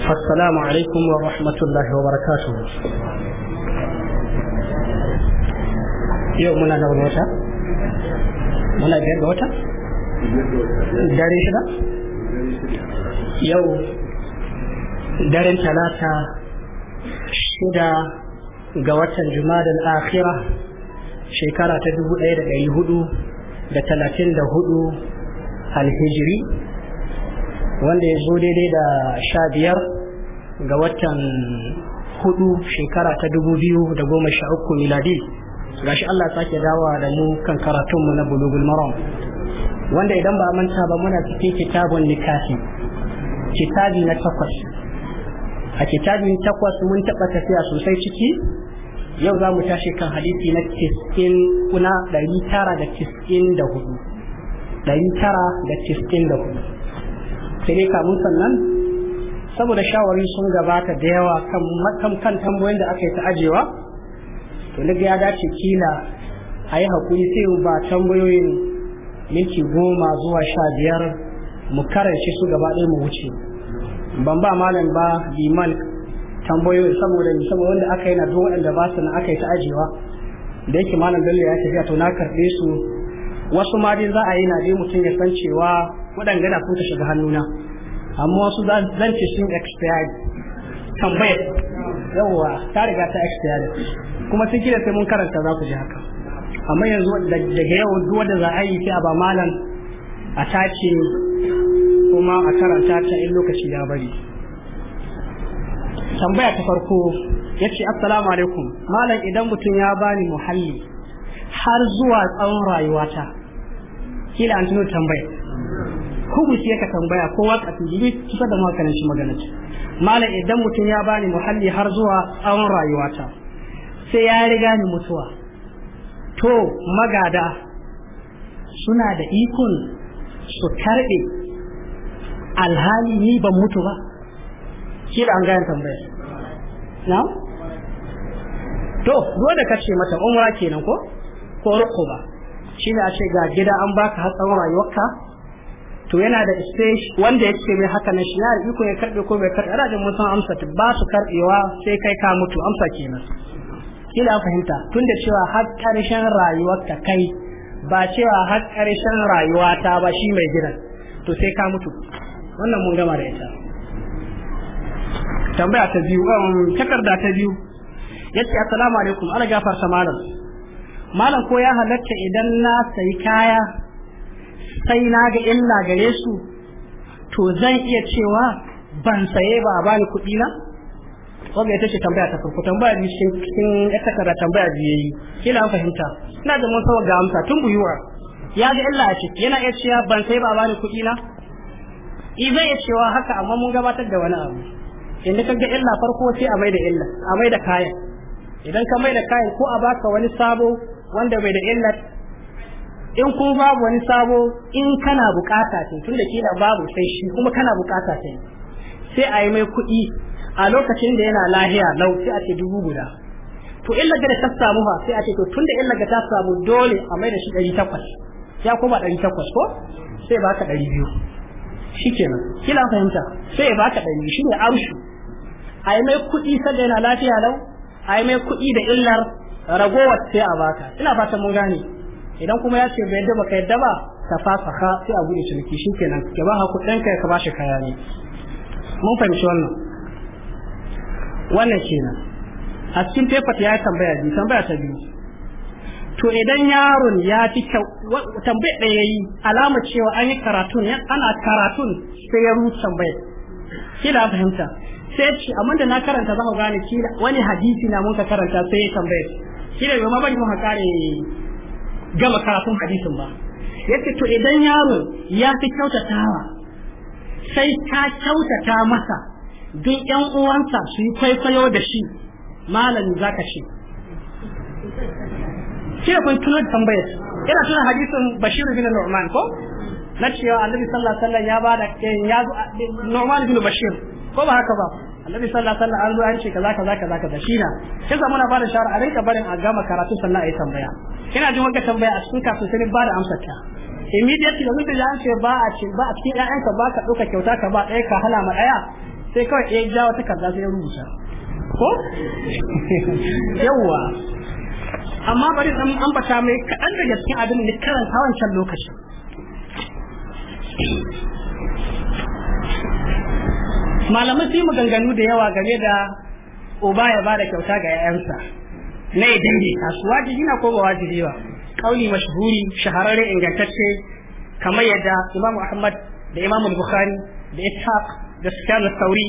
assalamu alaikum wa rahmatullahi wa barakatuh yau muna na wata muna biyar da wata shida yau daren talata shida ga watan jumadal akhira shekara ta dubu ɗaya da ɗari hudu da talatin da hudu alhijiri wanda ya zo daidai da sha biyar ga watan hudu shekara ta dubu biyu da goma sha uku miladi ga shi Allah sake dawa da mu kan karatunmu na bulugul maram wanda idan ba manta ba muna cikin kitabun nikafi kitabi na takwas a kitabin takwas mun taɓa tafiya sosai ciki yau za mu tashi kan hadisi na tis'in kuna ɗari tara da tis'in da hudu da hudu sai dai kamun sannan saboda shawari sun gabata da yawa kan kan tambayoyin da aka yi ta ajewa to na ya dace kila a yi hakuri sai ba tambayoyin minti goma zuwa sha biyar mu karance su gaba ɗaya mu wuce ban ba malam ba liman tambayoyi saboda saboda wanda aka yi na duk waɗanda ba su na aka yi ta ajewa da yake malam bello ya tafiya to na karɓe su wasu ma dai za a yi na dai mutum ya san cewa waɗanda sun ka shiga hannuna amma wasu zan ce sun expired tambayar yawwa ta riga ta expired kuma sun kira sai mun karanta za ku ji haka amma yanzu daga yau duk wanda za a yi sai a ba malam a tace kuma a karanta ta in lokaci ya bari tambaya ta farko ya ce assalamu alaikum malam idan mutum ya bani muhalli har zuwa tsawon rayuwata kila an tuno tambaya kubuci ya ka tambaya ko waka tijiri kusa da nan shi magana ce malam idan mutum ya bani muhalli har zuwa tsawon rayuwata sai ya riga ni mutuwa to magada suna da ikon su karɓe alhali ni ban mutu ba shi da an gayan tambaya na to dole ka ce mata umra kenan ko ko rukuba shi ne a ce ga gida an baka har tsawon rayuwarka to yana da stage wanda ya ce mai haka na shi yana iko ya karbe ko bai karbe ana da mun san amsa ba su karbewa sai kai ka mutu amsa kenan kila fahimta tunda cewa har karshen ta kai ba cewa har karshen ta ba shi mai gidan to sai ka mutu wannan mun gama da ita tambaya ta biyu um, takarda ta biyu yace assalamu alaikum ana gafarta malam malam ko ya halatta idan na sayi kaya sai na ga illa gare su to zan iya cewa ban saye ba a bani kuɗi na wanda ita ce tambaya ta farko tambaya biyu cikin ita kada tambaya biyu yayi kila an fahimta ina da mun sawa ga amsa tun buyuwa ya ga illa a ciki yana iya cewa ban sai ba a bani kuɗi na i zai iya cewa haka amma mun gabatar da wani abu inda ka ga illa farko sai a mai da illa a mai da kayan idan ka mai da kayan ko a baka wani sabo wanda bai da illar in ko babu wani sabo in kana bukata ce tunda kila babu sai shi kuma kana bukata ce sai a yi mai kuɗi a lokacin da yana lahiya lau sai a ce dubu guda to illa ga da ta samu ha sai a ce to tunda illa ga ta samu dole a mai da shi ɗari takwas ya koma ɗari takwas ko sai ba ka ɗari biyu shi kenan kila fahimta sai ba ka ɗari shi ne arshu a yi mai kuɗi sanda yana lafiya lau a yi mai kuɗi da illar ragowar sai a baka ina fatan mun gane idan kuma ya ce bai daba ka yadda ba ta ka sai a gudu ciniki kenan ya ba haku ɗanka ka shi kaya ne mun fahimci wannan wannan kenan a cikin paper ya tambaya biyu tambaya ta biyu to idan yaron ya fi kyau tambayar da yi alama cewa an yi karatun ana karatun sai ya rusa tambayar da fahimta sai ce amma da na karanta zama gane kila wani hadisi na mun ka karanta sai ya tambayar da yau ma bari mu ka gama karatun hadisin ba yake to idan yaro ya fi kyautatawa sai ka kyautata masa duk yan uwansa su yi kwaikwayo da shi malami ka ce Ke kun tunar tambayar ina tunar hadisin Bashir bin Nu'man ko na cewa Annabi sallallahu alaihi wasallam ya bada ya Nu'man bin Bashir ko ba haka ba annabi sallallahu alaihi wasallam an zo an ce kaza kaza kaza kaza shine sai zama muna bada shawara a rinka barin a gama karatu sannan a yi tambaya ina jin wanka tambaya a cikin kafin sai ba da amsar ta immediately da mutum ya ce ba a ce ba a cikin ƴaƴanka ba ka ɗauka kyauta ka ba ɗaya ka hala ma ɗaya sai kawai ya ja wata kaza sai ya rubuta ko yawwa amma bari dan ambata mai kaɗan daga cikin abin da karanta wancan lokacin malamai su yi maganganu da yawa game da uba ya ba kyauta ga 'ya'yansa na ya a su wajibi na ko wajibi ba kauli mashhuri shahararren ingantacce kamar yadda imamu ahmad da imamu bukhari da ishaq da sufyan sauri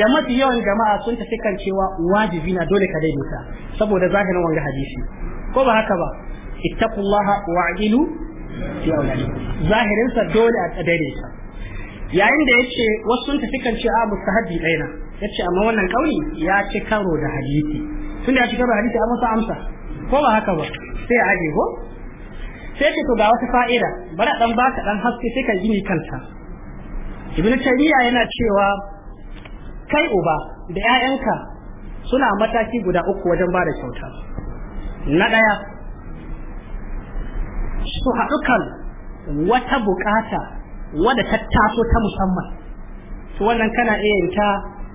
da mafi yawan jama'a sun ta kan cewa wajibi na dole ka daidaita saboda zahirin wanga hadisi ko ba haka ba ittaqullaha wa'dilu fi awladikum zahirin sa dole a daidaita yayin da yace wasu sun tafi kan Abu a ah, mustahabi daina yace amma wannan kauli ya ci karo da hadisi tun da ya ci karo hadisi a sa amsa ko ba haka ba sai aje ko sai ce to ga wata fa'ida bara dan baka dan haske sai ka gini kanta ibnu yana cewa kai uba da ƴaƴanka suna mataki guda uku wajen bada kyauta na ɗaya su haɗu wata buƙata. wadda ta taso ta musamman to wannan kana iya yin ta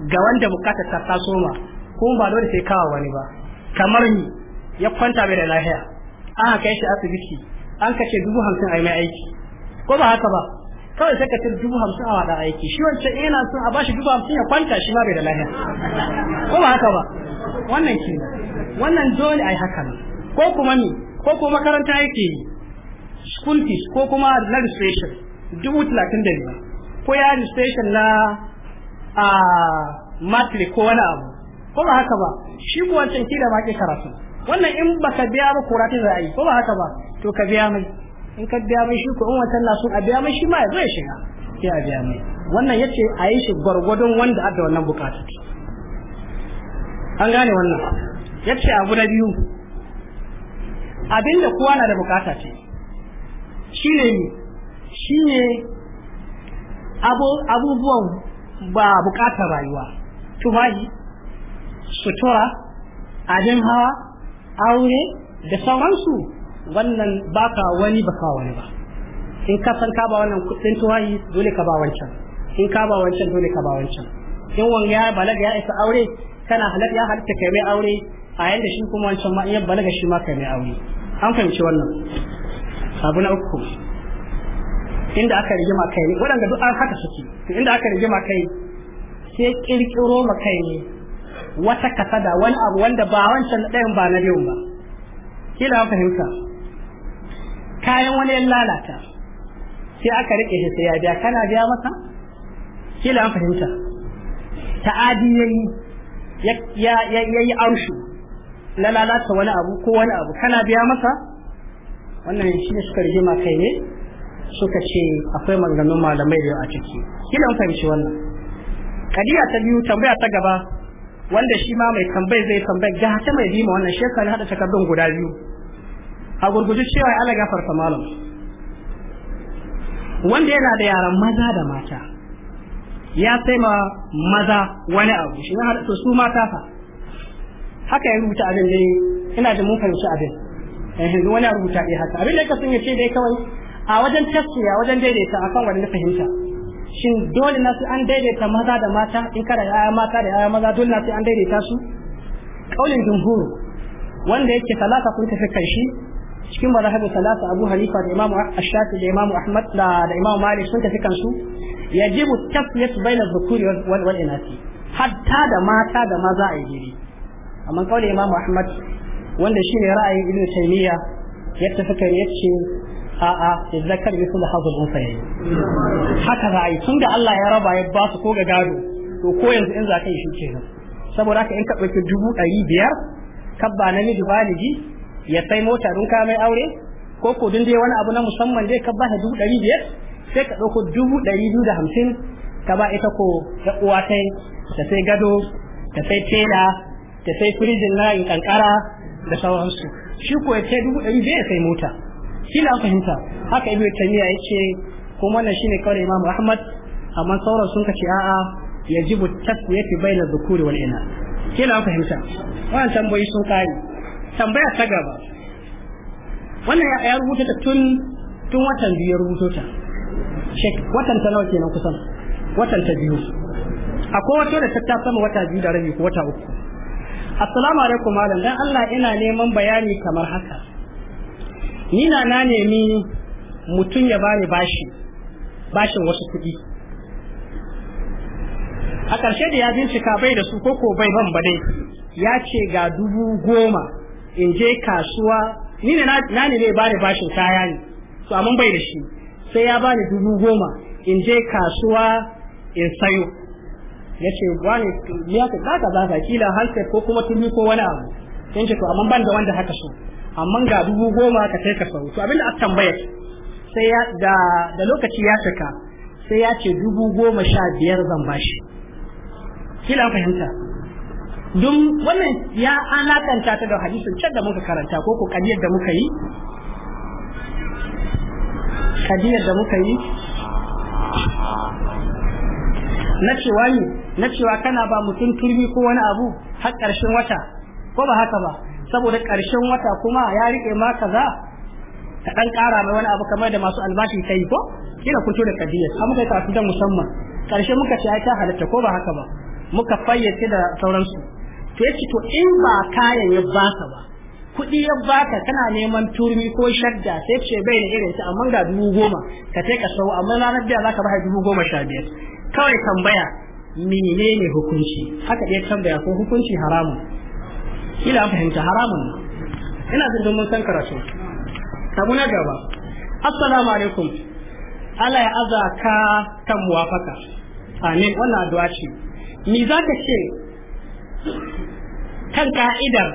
ga wanda bukatar ta taso ma ko ba dole sai kawo wani ba kamar ni ya kwanta bai da lafiya an kai shi asibiti an kace dubu hamsin a yi mai aiki ko ba haka ba kawai sai ka ce dubu hamsin a wada aiki shi wancan yana son a bashi dubu hamsin ya kwanta shi ma bai da lafiya ko ba haka ba wannan ke wannan dole a yi ne? ko kuma ni ko kuma makaranta yake yi school fees ko kuma registration dubu talatin da biyar ko ya registration na a matri ko wani abu ko ba haka ba shi ko wancan kila ba ke karatu wannan in baka biya ba ko ratin zai ko ba haka ba to ka biya mai in ka biya mai shi ko in wancan na so a biya mai shi ma ya zo ya shiga sai a biya mai wannan yace a yi shi gwargwadon wanda a da wannan bukatu an gane wannan yace abu na biyu abinda kowa na da bukata ce ne ne Shi ne abubuwan ba bukatar rayuwa tufahi sutura abin hawa aure da sauransu wannan baka wani baka wani ba in ka san ka ba wannan kudin tuwayi dole ka ba wancan in ka ba wancan dole ka ba wancan in wani ya balaga ya isa aure kana halal ya halatta kai mai aure a yanda shi kuma wancan ma in ya balaga shi ma kai mai aure an fahimci wannan abu na uku inda aka rigima kai ne waɗanda duk an haka suke to inda aka rigima kai sai kirkiro ma kai ne wata kasada wani abu wanda ba wancan ɗayan ba na biyun ba kila fahimta kayan wani yan lalata sai aka rike shi sai ya biya kana biya masa kila an fahimta ta'adi yayi ya ya yi arshu na lalata wani abu ko wani abu kana biya masa wannan shi ne suka rigima kai ne suka ce akwai maganganun malamai da a ciki kila mun fahimci wannan kadiya ta biyu tambaya ta gaba wanda shi ma mai tambayi zai tambaye ga ta mai bima wannan shekaru kan hada takardun guda biyu a gurguje cewa ya ala gafarta malam wanda yana da yaran maza da mata ya sai ma maza wani abu shi ya hada su mata fa haka ya rubuta abin dai ina da mun fahimci abin eh wani rubuta dai haka abin da ka sun yace dai kawai a wajen taskiya wajen daidaita akan wanda fahimta shin dole na su an daidaita maza da mata in kada yaya mata da yaya maza dole na su an daidaita su kaulin jumhur wanda yake talata sun tafi kai shi cikin mazhabin talata Abu halifa da Imam Ash-Shafi da Imam Ahmad da da Imam Malik sun tafi kansu yajibu su baina dhukuri wal wal inasi hatta da mata da maza a jiri amma kaulin Imam Ahmad wanda shine ra'ayin Ibn Taymiyyah ya tafi kai yace a'a zakar bi kullu hazul unsayi haka za a yi tunda Allah ya raba ya ba su ko ga gado to ko yanzu in za ka yi shi kenan saboda haka in ka dauki dubu ɗari biyar kabba namiji baligi ya sai mota don ka mai aure ko ko dun dai wani abu na musamman dai ka ba ta dubu ɗari biyar sai ka ɗauko dubu ɗari biyu da hamsin ka ba ita ko ta uwa ta ta sai gado ta sai tela ta sai firijin na in kankara da sauransu shi ko ya ce dubu ɗari biyar sai mota shi ne an fahimta haka miya tamiya ce kuma wannan shine kawai imamu ahmad amma sauran sun kace a'a ya fi bayyana zukuri wani ina ne an fahimta wannan tambayi sun kai tambaya ta gaba wannan ya rubuta ta tun tun watan biyu rubuto ta shek watan ta nawa kenan kusan watan ta biyu akwai wata da ta sama wata biyu da rabi ko wata uku assalamu alaikum malam dan Allah ina neman bayani kamar haka ni na na nemi mutum ya bani bashi bashin wasu kuɗi a ƙarshe da ya bincika bai da su koko bai ban ba dai ya ce ga dubu goma in je kasuwa ni ne na ne ba da bashin kaya ne to amma bai da shi sai ya bani dubu goma in je kasuwa in sayo ya ce wani ya ka za ka kila hanset ko kuma tuni ko wani abu yanke ce to amma ban da wanda haka so amma ga dubu goma ka kai ka sau abinda aka tambaya sai ya da da lokaci ya saka sai ya ce dubu goma sha biyar zan bashi kila fahimta don wannan ya alakanta ta da hadisin can da muka karanta ko ko kadiyar da muka yi kadiyar da muka yi na cewa ne na cewa kana ba mutum turmi ko wani abu har ƙarshen wata ko ba haka ba saboda ƙarshen wata kuma ya riƙe ma kaza ka ɗan ƙara mai wani abu kamar da masu albashi ta yi ko kina kuto da kadiyar amma kai tafi da musamman ƙarshe muka ce ai ta halatta ko ba haka ba muka fayyace da sauransu to yace to in ba kayan ya baka ba kuɗi ya baka kana neman turmi ko shadda sai ce bai da irin ta amma ga dubu goma ka kai ka sau amma ranar biya zaka baka dubu goma sha biyar kawai tambaya menene hukunci haka ɗaya tambaya ko hukunci haramun kila an fahimta haramun ina zargin mun san karatu abu na gaba assalamu alaikum ala ya aza ka kan muwafaka amin wannan addu'a ce ni za ka ce kan ka'idar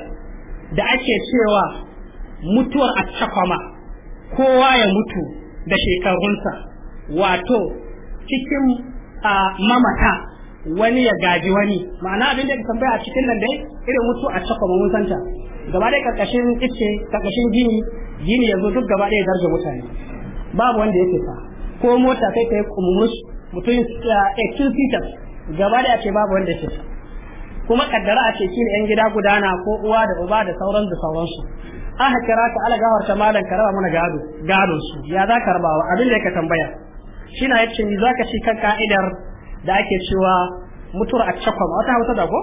da ake cewa mutuwar a cakwama kowa ya mutu da shekarunsa wato cikin ah, mamata wani ya gaji wani ma'ana abin da ka tambaya a cikin nan dai irin mutu a cakwa mun santa gaba ɗaya karkashin ice karkashin gini gini ya zo duk gaba ɗaya darje mutane babu wanda yake fa ko mota kai kai kumurus mutum ya eh, two seaters gaba ɗaya ce babu wanda yake fa kuma kaddara a ce kila yan gida gudana ko uwa da uba da sauran da sauransu aka kira ka ala gawar ta malam ka raba mana gado gadon su ya za ka rabawa abin da ka tambaya shi na yace ni za ka ci kan ka'idar da ake cewa mutuwar a cakwama wata hausa da ko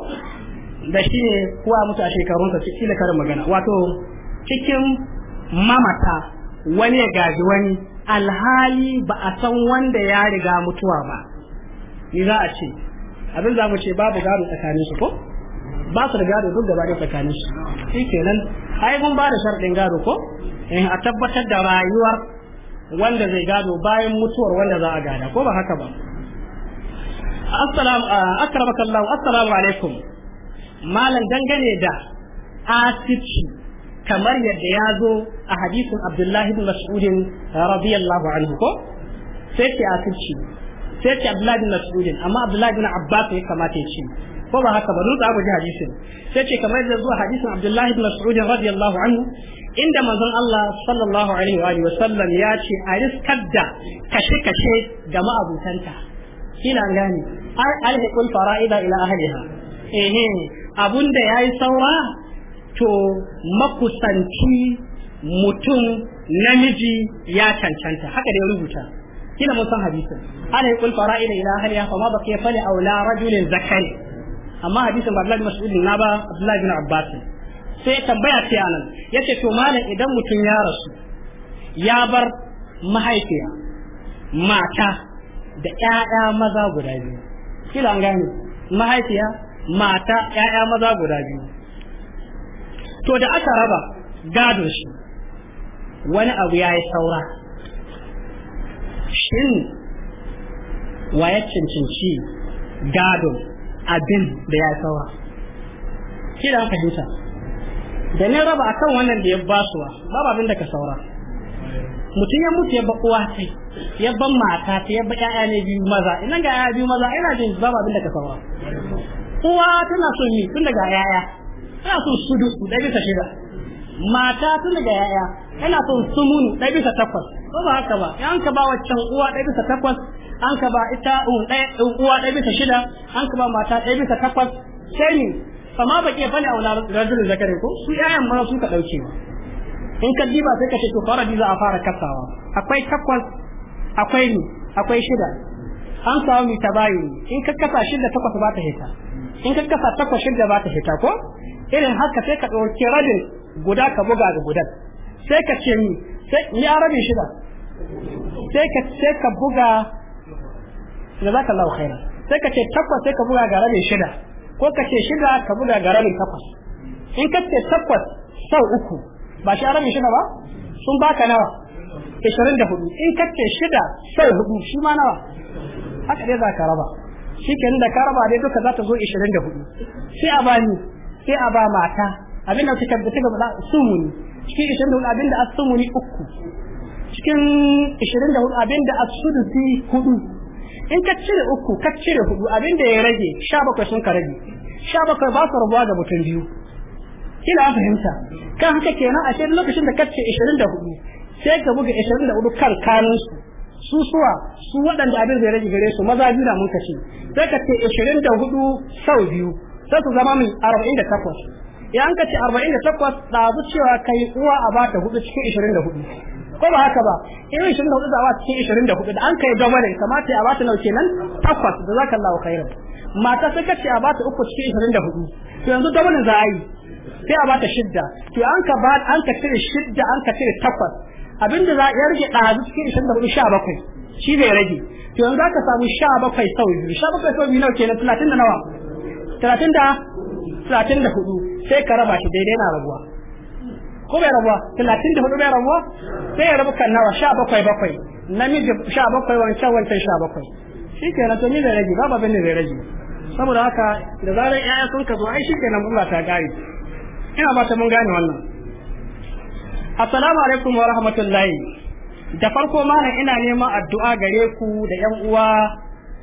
da shi ne kuwa mutu a shekarunsa cikin da karin magana wato cikin mamata wani ya gaji wani alhali ba a san wanda ya riga mutuwa ba ni za a ce abin za mu ce babu gado tsakanin su ko ba su da gado duk gaba da tsakanin su shi kenan ai mun ba da sharɗin gado ko in eh, a tabbatar da rayuwar wanda zai gado bayan mutuwar wanda za a gada ko ba haka ba assalamu akramakallahu assalamu alaikum malam dangane da asici kamar yadda ya zo a hadisin abdullahi bin mas'udin radiyallahu anhu ko sai ce asici sai ce abdullahi bin mas'udin amma abdullahi bin abbas ya kamata ya ce ko ba haka ba nutsa abu ji hadisin sai ce kamar yadda zuwa hadisin abdullahi bin mas'udin radiyallahu anhu inda manzon Allah sallallahu alaihi wa sallam ya ce a riskar da kashe-kashe ga ma'abutanta kila gani har alhiqul fara'ida ila ahliha ehe abunda yayi saura to makusanci mutum namiji ya cancanta haka da ya rubuta kina mun san hadisin alhiqul fara'ida ila ahliha fa ma baqiya fali aw la rajulin zakari amma hadisin Abdullahi bin Mas'ud na ba Abdullahi bin Abbas sai tambaya ce anan yace to malam idan mutum ya rasu ya bar mahaifiya mata da ƴaƴa maza guda biyu kila an gane mahaifiya mata ƴaƴa maza guda biyu to da aka raba gado shi wani abu ya yi saura shin wa ya cancanci gadon abin da ya yi saura kila an fahimta da ne raba akan wannan da ya basuwa babu abin da ka saura mutum ya mutu ya ba kowa ce ya ban mata ta ya ba ƴaƴa ne biyu maza idan ga ƴaƴa biyu maza ina jin zaba abin da ka saura uwa tana son ni tun daga ƴaƴa tana son su sudu da bisa shida mata tun daga ƴaƴa tana son munu da bisa takwas ko ba haka ba an ka ba waccan uwa da bisa takwas an ka ba ita uwa da bisa shida an ka ba mata da bisa takwas sai ni ma ba ke bane a wani rajulun zakari ko su ƴaƴan ma su ka ɗauke in ka diba sai ka ce to fara za a fara kasawa akwai takwas akwai ni akwai shida an samu mi tabayu in ka kasa shida takwas ba ta hita in ka kasa takwas shida ba ta hita ko irin haka sai ka ɗauki rabin guda ka buga ga gudan sai ka ce ni sai ni arabin shida sai ka sai ka buga jazakallahu khairan sai ka ce takwas sai ka buga ga rabin shida ko ka ce shida ka buga ga rabin takwas in ka ce takwas sau uku ba shi aramin shida ba sun baka nawa 24 in kace shida sai hudu shi ma nawa haka dai za ka raba shi kenan da ka raba dai duka za ta zo 24 sai a bani sai a ba mata abin da suka tabbata ga ba sumuni cikin 24 abin da asumuni uku cikin 24 abin da asudusi hudu in ka cire uku ka cire hudu abin da ya rage 17 sun ka rage 17 ba su rabuwa da mutum biyu Kina an fahimta kan haka kenan a shirin lokacin da kace 24 sai ka buga 24 kan kanun su su suwa su waɗanda abin zai rage gare su maza biyu na mun ce sai ka ce 24 sau biyu sai su zama min 48 idan ka ce 48 ɗazu cewa kai uwa a bata hudu cikin 24 ko ba haka ba irin shirin da zawa cikin ishirin da hudu da an kai gama da kamata a bata nau kenan takwas da zaka Allah khairan mata sai kace a bata uku cikin ishirin da hudu to yanzu gama za a yi sai a bata shidda to an ka ba an ka cire shidda an ka cire takwas abinda za a rage ɗazu cikin ishirin da hudu sha bakwai shi zai rage to yanzu za ka samu sha bakwai sau biyu sha bakwai sau biyu nawa kenan talatin da nawa talatin da talatin da hudu sai ka raba shi daidai na rabuwa ko bai rabuwa talatin da hudu bai rabuwa sai ya rabu kan nawa sha bakwai bakwai namiji sha bakwai wancan wancan sha bakwai shi kenan to ni zai rage babu abin da zai rage saboda haka da zarar 'ya'ya sun ka zo ai shi kenan Allah ta gari ina ba ta mun gane wannan assalamu alaikum wa rahmatullahi da farko malam ina neman addu'a gare ku da yan uwa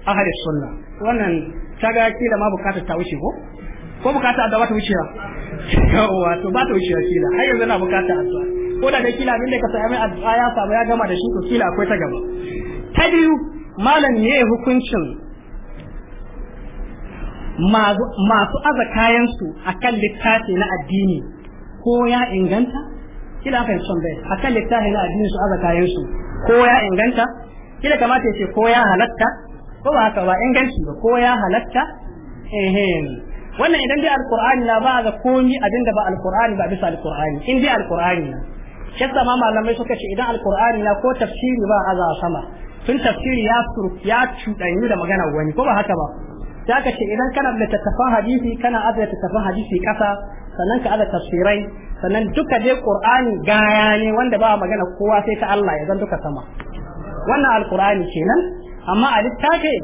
ahli sunna wannan ta ga kila ma bukatar ta wuce ko ko bukata addu'a ta wuce yawa to ba ta wuce kila har yanzu na bukata addu'a ko da dai kila abin da ka sami addu'a ya samu ya gama da shi to kila akwai ta gaba ta biyu malam ne hukuncin masu aza kayansu a kan littafi na addini ko ya inganta kila aka yi son bai a kan littafi na addini su aza kayansu ko ya inganta kila kamata ya ce ko ya halatta ko ba haka ba inganci ba ko ya halatta ehem wannan idan dai alkur'ani na ba ga komi abin da ba alkur'ani ba bisa alkur'ani in dai alkur'ani na shi ma malamai suka ce idan alkur'ani na ko tafsiri ba aza sama tun tafsiri ya ya cuɗanyu da magana wani ko ba haka ba sai ka ce idan kana da tattafan hadisi kana aza tattafan hadisi kasa sannan ka aza tafsirai sannan duka dai qur'ani gaya ne wanda ba magana kowa sai ta Allah ya zan duka sama wannan alqur'ani kenan amma a littafi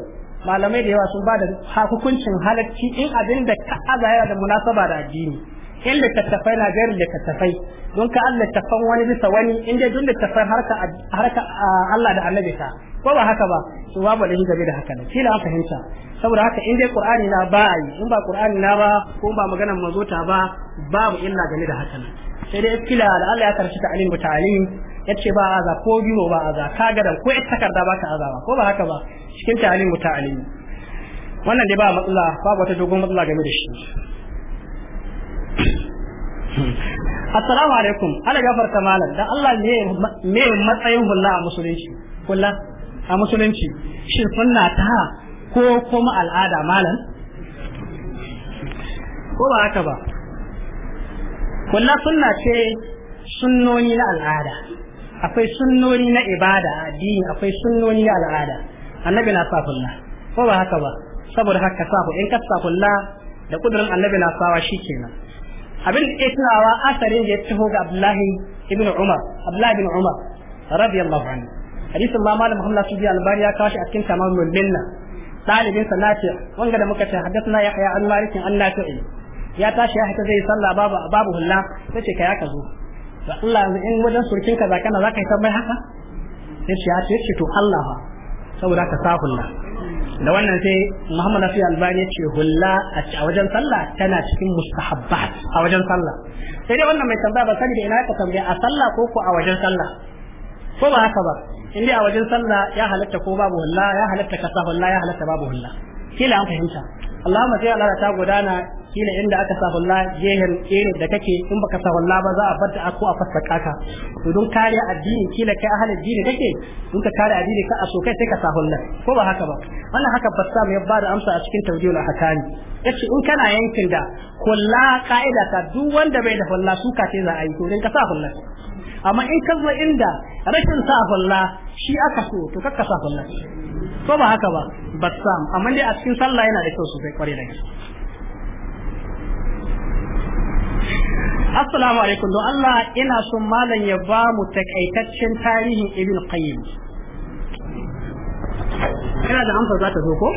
malamai da yawa sun ba da hukuncin halacci in abin da ka aza yana da munasaba da addini in littattafai na gairin littattafai don ka an littattafan wani bisa wani in dai dun littattafai harka Allah da annabi ta ko ba haka ba su babu da game da haka ne kila an fahimta saboda haka in dai qur'ani na ba ai in ba qur'ani na ba ko ba maganar mazota ba babu illa game da haka ne sai dai kila da Allah ya karshi ta'alim wa ta'alim yace ba aza ko biro ba aza ka ga dan ko takarda ba ka ba ko ba haka ba cikin ta'alim wa ta'alim wannan dai ba matsala babu wata dogon matsala game da shi assalamu alaikum ala gafarta malam dan Allah ne me matsayin hulla a musulunci kullu a musulunci shin sunna ta ko kuma al'ada malam ko ba haka ba wannan sunna ce sunnoni na al'ada akwai sunnoni na ibada a addini akwai sunnoni na al'ada annabi na sa sunna ko ba haka ba saboda haka sahu in ka sa sunna da kudurin annabi na sawa shikenan abin da ke tunawa asarin da ya taho ga Abdullahi ibn Umar Abdullahi ibn Umar radiyallahu anhu hadisin ma malam Muhammad Sufi Albani ya kawo shi a cikin tamamul minna talibin sa nafi'a wanga da muka ce haddathna yahya an malikin an nafi'i ya tashi ya hita zai sallah babu babu hulla sai ka ya ka zo to Allah in wajen surkin ka zaka na zaka yi sabbai haka sai shi ya ce to Allah fa saboda ka sa hulla da wannan sai Muhammad Nafi ya ce hulla a wajen sallah tana cikin mustahabbat a wajen sallah sai dai wannan mai tambaya ba sani da ina ka tambaya a sallah ko ko a wajen sallah ko ba haka ba in dai a wajen sallah ya halatta ko babu hulla ya halatta kasa hulla ya halatta babu hulla kila an fahimta Allahumma sai Allah ta gudana kila inda aka sa hulla jehen irin da kake in baka sa hulla ba za a fadda ko a fassaka ka to don kare addini kila kai ahli addini kake in ka kare addini ka aso kai sai ka sa ko ba haka ba wannan haka bassa mai ba da amsa a cikin tawjihul hakani yace in kana yankin da hulla ka'ida ta duk wanda bai da hulla su ce za a yi to din ka sa amma in ka zo inda rashin sa falla shi aka so to kakka sa falla ko ba haka ba bassam amma dai a cikin sallah yana da kyau sosai kware da gaske assalamu alaikum don Allah ina son malam ya ba mu takaitaccen tarihin ibn qayyim ina da amsa za ta zo ko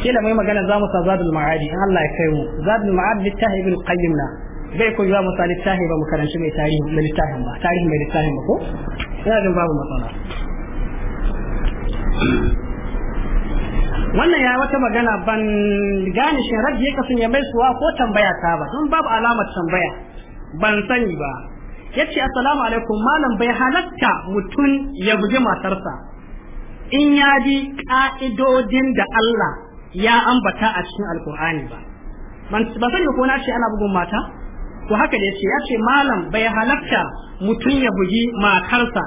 kila mai magana za mu sa zadul ma'adi in Allah ya kai mu zadul ma'adi littafi ibn qayyim na zai koyi wa misali littafi ba mu mai tarihi mai littafin ba tarihi mai littafin ba ko ina jin babu matsala wannan ya wata magana ban gane shin rabbi yake sun ya mai suwa ko tambaya ta ba don babu alamar tambaya ban sani ba yace assalamu alaikum malam bai halatta mutum ya buji matarsa in ya bi ka'idodin da Allah ya ambata a cikin alkur'ani ba ban sani ko na ce ana bugun mata to haka da yace yace malam bai halatta mutum ya bugi matarsa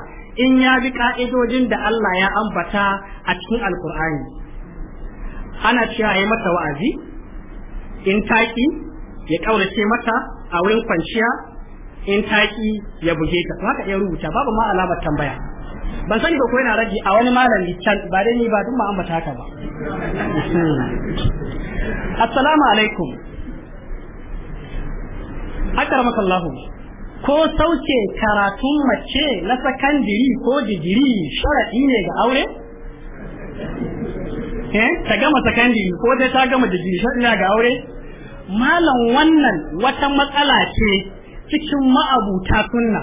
in ya bi ka'idojin da Allah ya ambata a cikin alkur'ani ana cewa yi mata wa'azi in taki ya kaurace mata a wurin kwanciya in taki ya buge ta haka ya rubuta babu ma alamar tambaya ban sani ba ko yana rage a wani malami can ba dai ni ba duk ma ambata haka ba assalamu alaikum akramaka Allahu ko sauke karatun mace na sakandiri ko digiri sharadi ne ga aure eh ta gama sakandiri ko dai ta gama digiri sharadi ne ga aure malam wannan wata matsala ce cikin ma'abuta sunna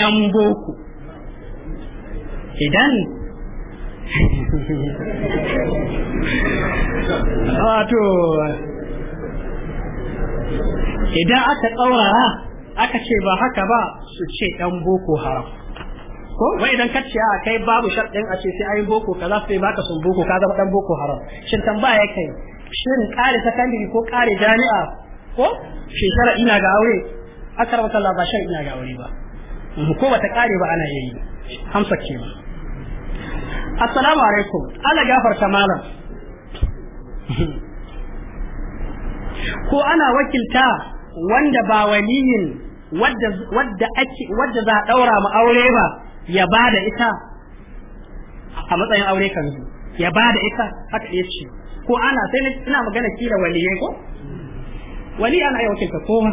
yan boko idan wato idan aka tsaurara aka ce ba haka ba su ce ɗan boko haram ko wai idan ka ce a kai babu sharɗin a ce sai ayi boko ka za su yi baka sun boko ka zama ɗan boko haram shin tambaya kai shin ƙare sakandiri ko ƙare jami'a ko shekara ina ga aure akar wata ba shan ina ga aure ba mhm, ko bata ƙare ba ana yayi hamsa ke ba assalamu alaikum ana gafarta malam ko ana wakilta wanda ba waliyin wadda wadda ake wadda za a daura mu aure ba ya bada ita a matsayin aure kan ya bada ita haka ya ce ko ana sai ina magana kila waliye ko wali ana yi wakilta kowa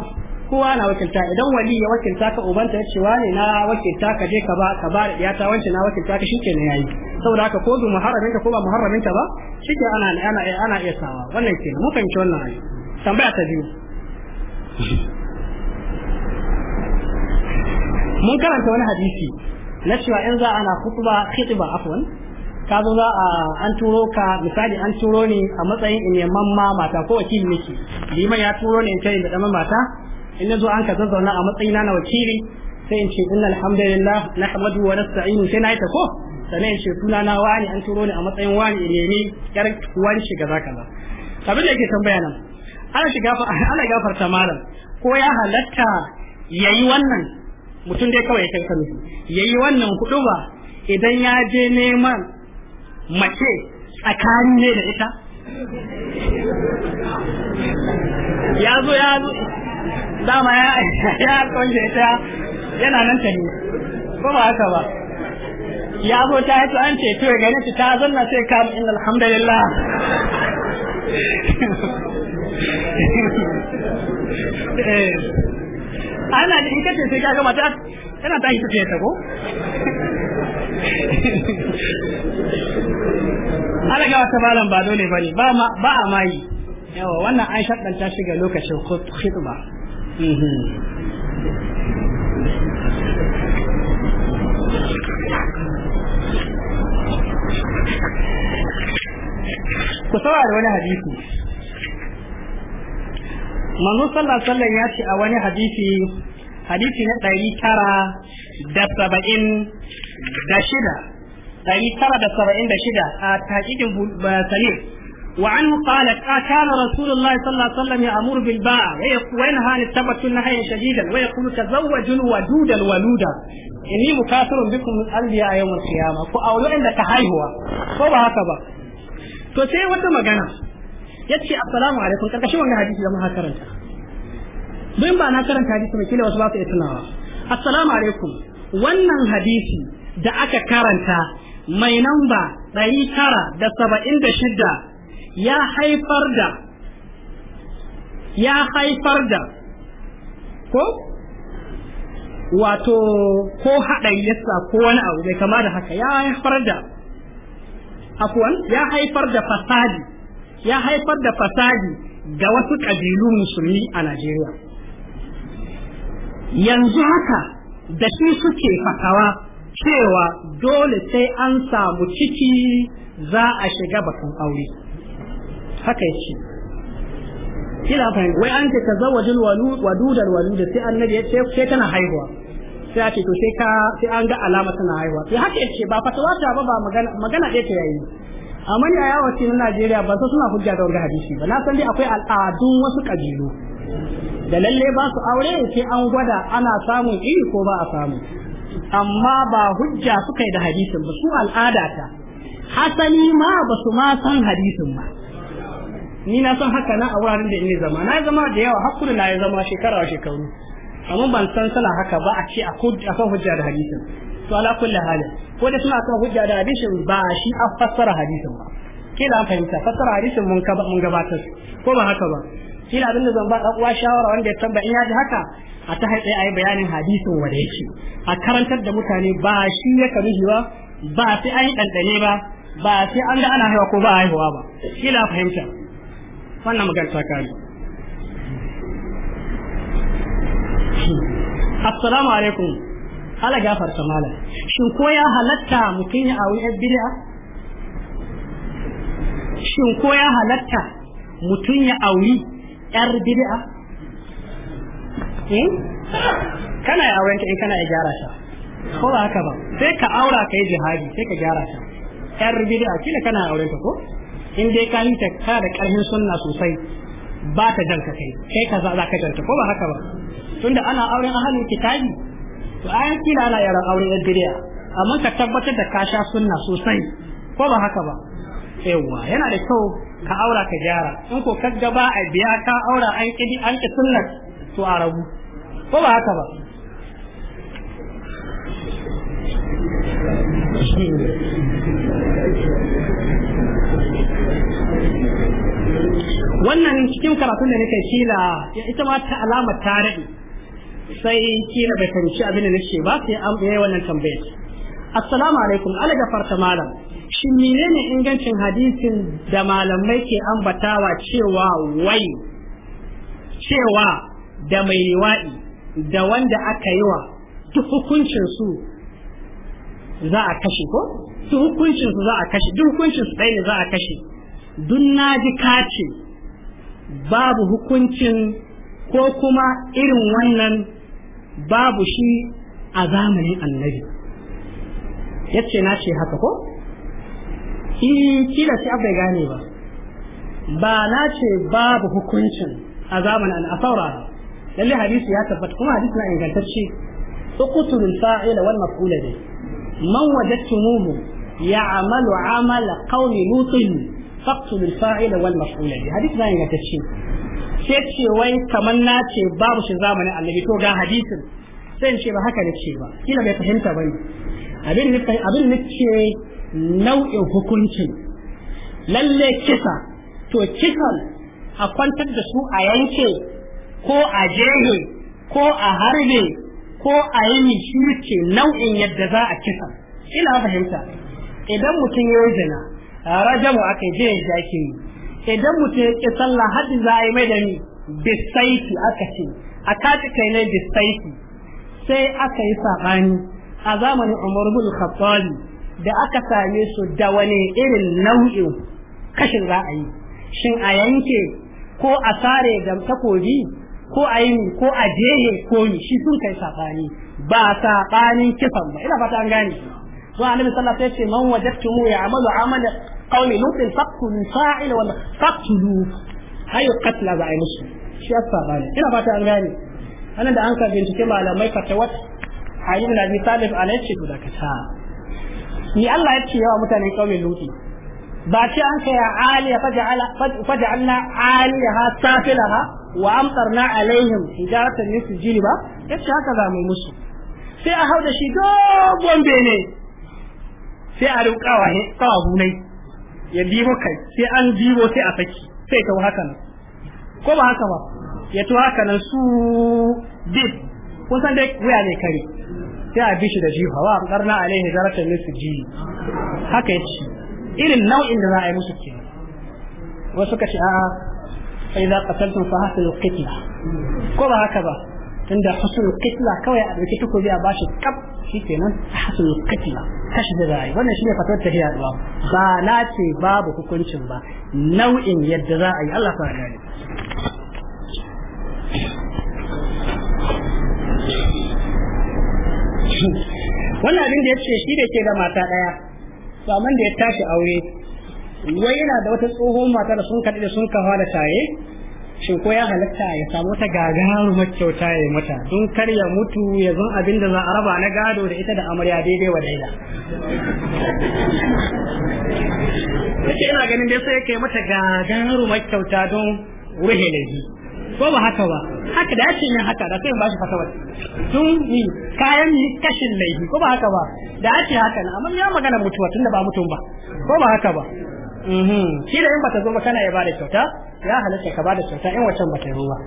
kowa na wakilta idan wali ya wakilta ka ubanta ya ce wane na wakilta ka je ka ba ka ba da iyata wance na wakilta ka shike ne yayi saboda haka ko du muharramin ka ko ba muharramin ka ba shike ana ana ana iya sawa wannan kenan mun fahimci wannan ayi tambaya ta biyu mun karanta wani hadisi na cewa in za ana kutuba khitba afwan ka zo za a an turo ka misali an turo ni a matsayin in ma mata ko wakili nake liman ya turo ni in kai da dan mata in zo an ka zazzauna a matsayina na wakili sai in ce inna alhamdulillah hamadu wa nasta'inu sai na yi ta ko sannan in ce tuna na wani an turo ni a matsayin wani in nemi yar wani shiga za ba abin da yake tambaya nan ana shiga ana gafarta malam ko ya halatta yayi wannan mutum dai kawai ya kai kanu yayi wannan kudu ba idan ya je neman mace tsakani ne da ita ya zo ya zo dama ya ya kwanje ta yana nan ta ne ko ba haka ba ya zo ta yi an ce to ya gane ta zanna sai kam innal alhamdulillah. Eh. ana da ita ce sai ka ga mata tana ta yi ta ko ana ga wata malam ba dole bane ba ma ba a mai yawa wannan aisha shaddanta ta shiga lokacin khutba mhm. ku saurara wani hadisi manzo sallah ya ce a wani hadisi hadisi na ɗari tara da saba'in da shida ɗari tara da saba'in da shida a taƙiƙin salim wa an qala ta kana rasulullahi sallallahu alaihi wasallam ya'mur bil ba'a wa yaqul in hal tabatu nahaya shadidan wa yaqul tazawwajul wadudal waluda inni mukasirun bikum min qalbi ya yawm al-qiyamah ko aulo inda ta haihuwa ko ba haka ba to sai wata magana yace assalamu alaikum karkashin wannan hadisi zama karanta don ba na karanta hadisi mai kila wasu ba su iya tunawa assalamu alaikum wannan hadisi da aka karanta mai namba ɗari tara da saba'in da shidda ya haifar da ya haifar da ko wato ko haɗa yasa ko wani abu bai kama da haka ya haifar da afuwan ya haifar da fasadi ya haifar da fasadi ga wasu ƙabilu musulmi a Najeriya yanzu haka da shi suke fatawa cewa dole sai an samu ciki za a shiga batun aure haka ce, kina fahimta wai an ce ka zawajin wadudar waluda sai annabi ya ce sai tana haihuwa sai ake to sai ka sai an ga alama tana haihuwa sai haka yake ba fatawa ta ba ba magana magana ɗaya ta yayi a ya yawa na Najeriya ba su suna hujja da wani hadisi ba na san dai akwai al'adun wasu kabilu da lalle ba su aure sai an gwada ana samun iri ko ba a samu amma ba hujja suka yi da hadisin ba su al'ada ta hasali ma ba su ma san hadisin ba ni na san haka na a wuraren da ina zama na zama da yawa hakuri na ya zama shekara shekaru amma ban san sana haka ba a ce akwai hujja da hadisin to ala kulli hali ko da suna kan hujja da hadisin ba shi a fassara hadisin ba kila an fahimta fassara hadisin mun ka mun gabatar ko ba haka ba kila abin da zan ba dan uwa shawara wanda ya tambaya in ya ji haka a ta haɗe a yi bayanin hadisin wanda yake a karantar da mutane ba shi ya shi ba ba sai an yi ɗanɗane ba ba sai an ga ana haihuwa ko ba a haihuwa ba kila fahimta wannan magana ta kare assalamu alaikum ala gafarta malam shin ko ya halatta mutum ya auri yan bid'a shin ko ya halatta mutum ya auri yar bid'a eh kana ya auren in kana ya gyara ta ko ba haka ba sai ka aura kai jihadi sai ka gyara ta yar bid'a kina kana auren ta ko in dai ka yi ta ka da karfin sunna sosai ba ta danka kai kai ka za ka danka ko ba haka ba tunda ana auren ahalin kitabi to ai kila ana yaran aure da bid'a amma ka tabbatar da ka sha sunna sosai ko ba haka ba yawa yana da kyau ka aura ka gyara in ko ka gaba a biya ka aura an kidi an ki sunna to a rabu ko ba haka ba wannan cikin karatun da nake da ita ma ta alamar tarihi sai kila bai fahimci abin da nake ba sai an yi wannan tambaya assalamu alaikum ala gafarta malam shin menene ingancin hadisin da malamai ke ambatawa cewa wai cewa da mai waɗi da wanda aka yi wa duk hukuncin su za a kashe ko duk hukuncin su za a kashe duk hukuncin su ɗaya ne za a kashe duk na ji kace babu hukuncin ko kuma irin wannan babu shi a zamanin annabi yace na ce haka ko in kila shi abai gane ba ba na ce babu hukuncin a zamanin an saurara lalle hadisi ya tabbata kuma hadisi na ingantacce uqtul sa'ila wal maf'ula dai man wajadtumuhu ya'malu 'amala qaumi lutin faqtul fa'il wal maf'ula dai hadisi na ingantacce sai ce wai kamar na ce babu shi zamanin annabi to ga hadisin sai ce ba haka ne ce ba kila bai fahimta bane abin ne abin ne ce nau'in hukunci, lalle kisa to kisan a kwantar da su a yanke ko a jehe ko a harbe ko a yi shi ce nau'in yadda za a kisa ina fahimta idan mutum ya yi rajamu aka je ya yi idan mutum ya ƙi sallah haddi za a yi mai da ni bisaiti aka ce a kaci kai ne bisaiti sai aka yi saɓani a zamanin umar bin khattabi da aka same su da wani irin nau'in kashin za a yi shin a yanke ko a sare ga takobi ko a yi ko a jehe ko yi shi sun kai saɓani ba saɓanin kisan ba ina fata an gane to annabi sallallahu alaihi wasallam ya ce man wajadtumu ya'malu amalan qaumi lutin faqtulu fa'ila wal faqtulu hayu qatla ba musu shi yasa bane ina fata an gane anan da an ka bincike malamai fatawat Ali ibn Abi Talib alayhi ce to da kata ni Allah ya ce yawa mutanen kauyen luti ba ce an kai aliya faja'ala faja'alna aliyaha safilaha wa amtarna alaihim hijaratan min sijil ba yace haka za mu musu sai a da shi dogon bene sai a rukawa ya dibo kai sai an dibo sai a saki sai ta haka nan ko ba haka ba ya to haka nan su dip kun san dai wuya ne kare sai a bishi da jiha wa karna alaihi zaratan nisu ji haka yace irin nau'in da za a yi musu ke wasu kace a'a fa idza qataltum fa hasil qitla ko ba haka ba inda husnul qitla kawai a dauki takobi a bashi kaf shikenan husnul qitla kashi da rai wannan shine fatar ta hiya duwa ba na ce babu hukuncin ba nau'in yadda za a yi Allah ta gane wannan abin da ya ce shi da ke ga mata ɗaya to amma da ya tashi aure wai yana da wata tsohon mata da sun kaɗi da sun kafa da shaye shin ko ya halatta ya samu wata gagarumar kyauta ya mata don kar ya mutu ya zan abin da za a raba na gado da ita da amarya daidai wa daida yace ina ganin dai sai kai mata gagarumar kyauta don ruhe laifi ko ba haka ba haka da yace yin haka da sai ba shi wata tun ni kayan ni kashin laifi ko ba haka ba da yace haka amma ya magana mutuwa tunda ba mutum ba ko ba haka ba shi mhm. da in bata zo ba kana ya bada kyauta ya halatta ka bada kyauta in wacan bata yi ba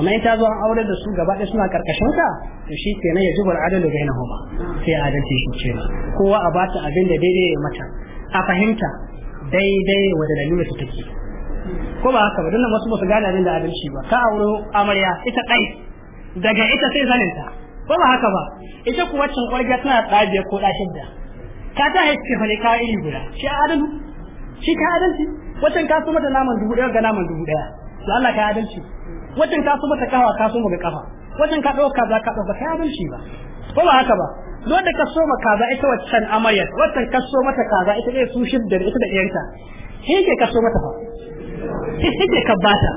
amma in ta zo an aure da su gaba ɗaya suna karkashin ka to shi kenan ya jubar adalu homa sai adalci shi ce kowa a bata abin da daidai ya mata a fahimta daidai wadda dalilin su take ko ba haka ba dan wasu ba su gane abin da adalci ba ka aure amarya ita kai daga ita sai zaninta ko ba haka ba ita kuwa cin kwargiya tana tsabiya ko da ka ta haifi fa ne ka iri guda shi adalu shi ka adalci watan ka so mata naman dubu daya ga naman dubu daya to Allah ka adalci watan ka so mata kawa ka so mu ga kafa watan ka dauka kaza ka dauka ka adalci ba ko ba haka ba don da ka so ma kaza ita wancan amaryar watan ka so mata kaza ita dai su da ita da iyanta shi ke ka so mata fa shi ke ka bata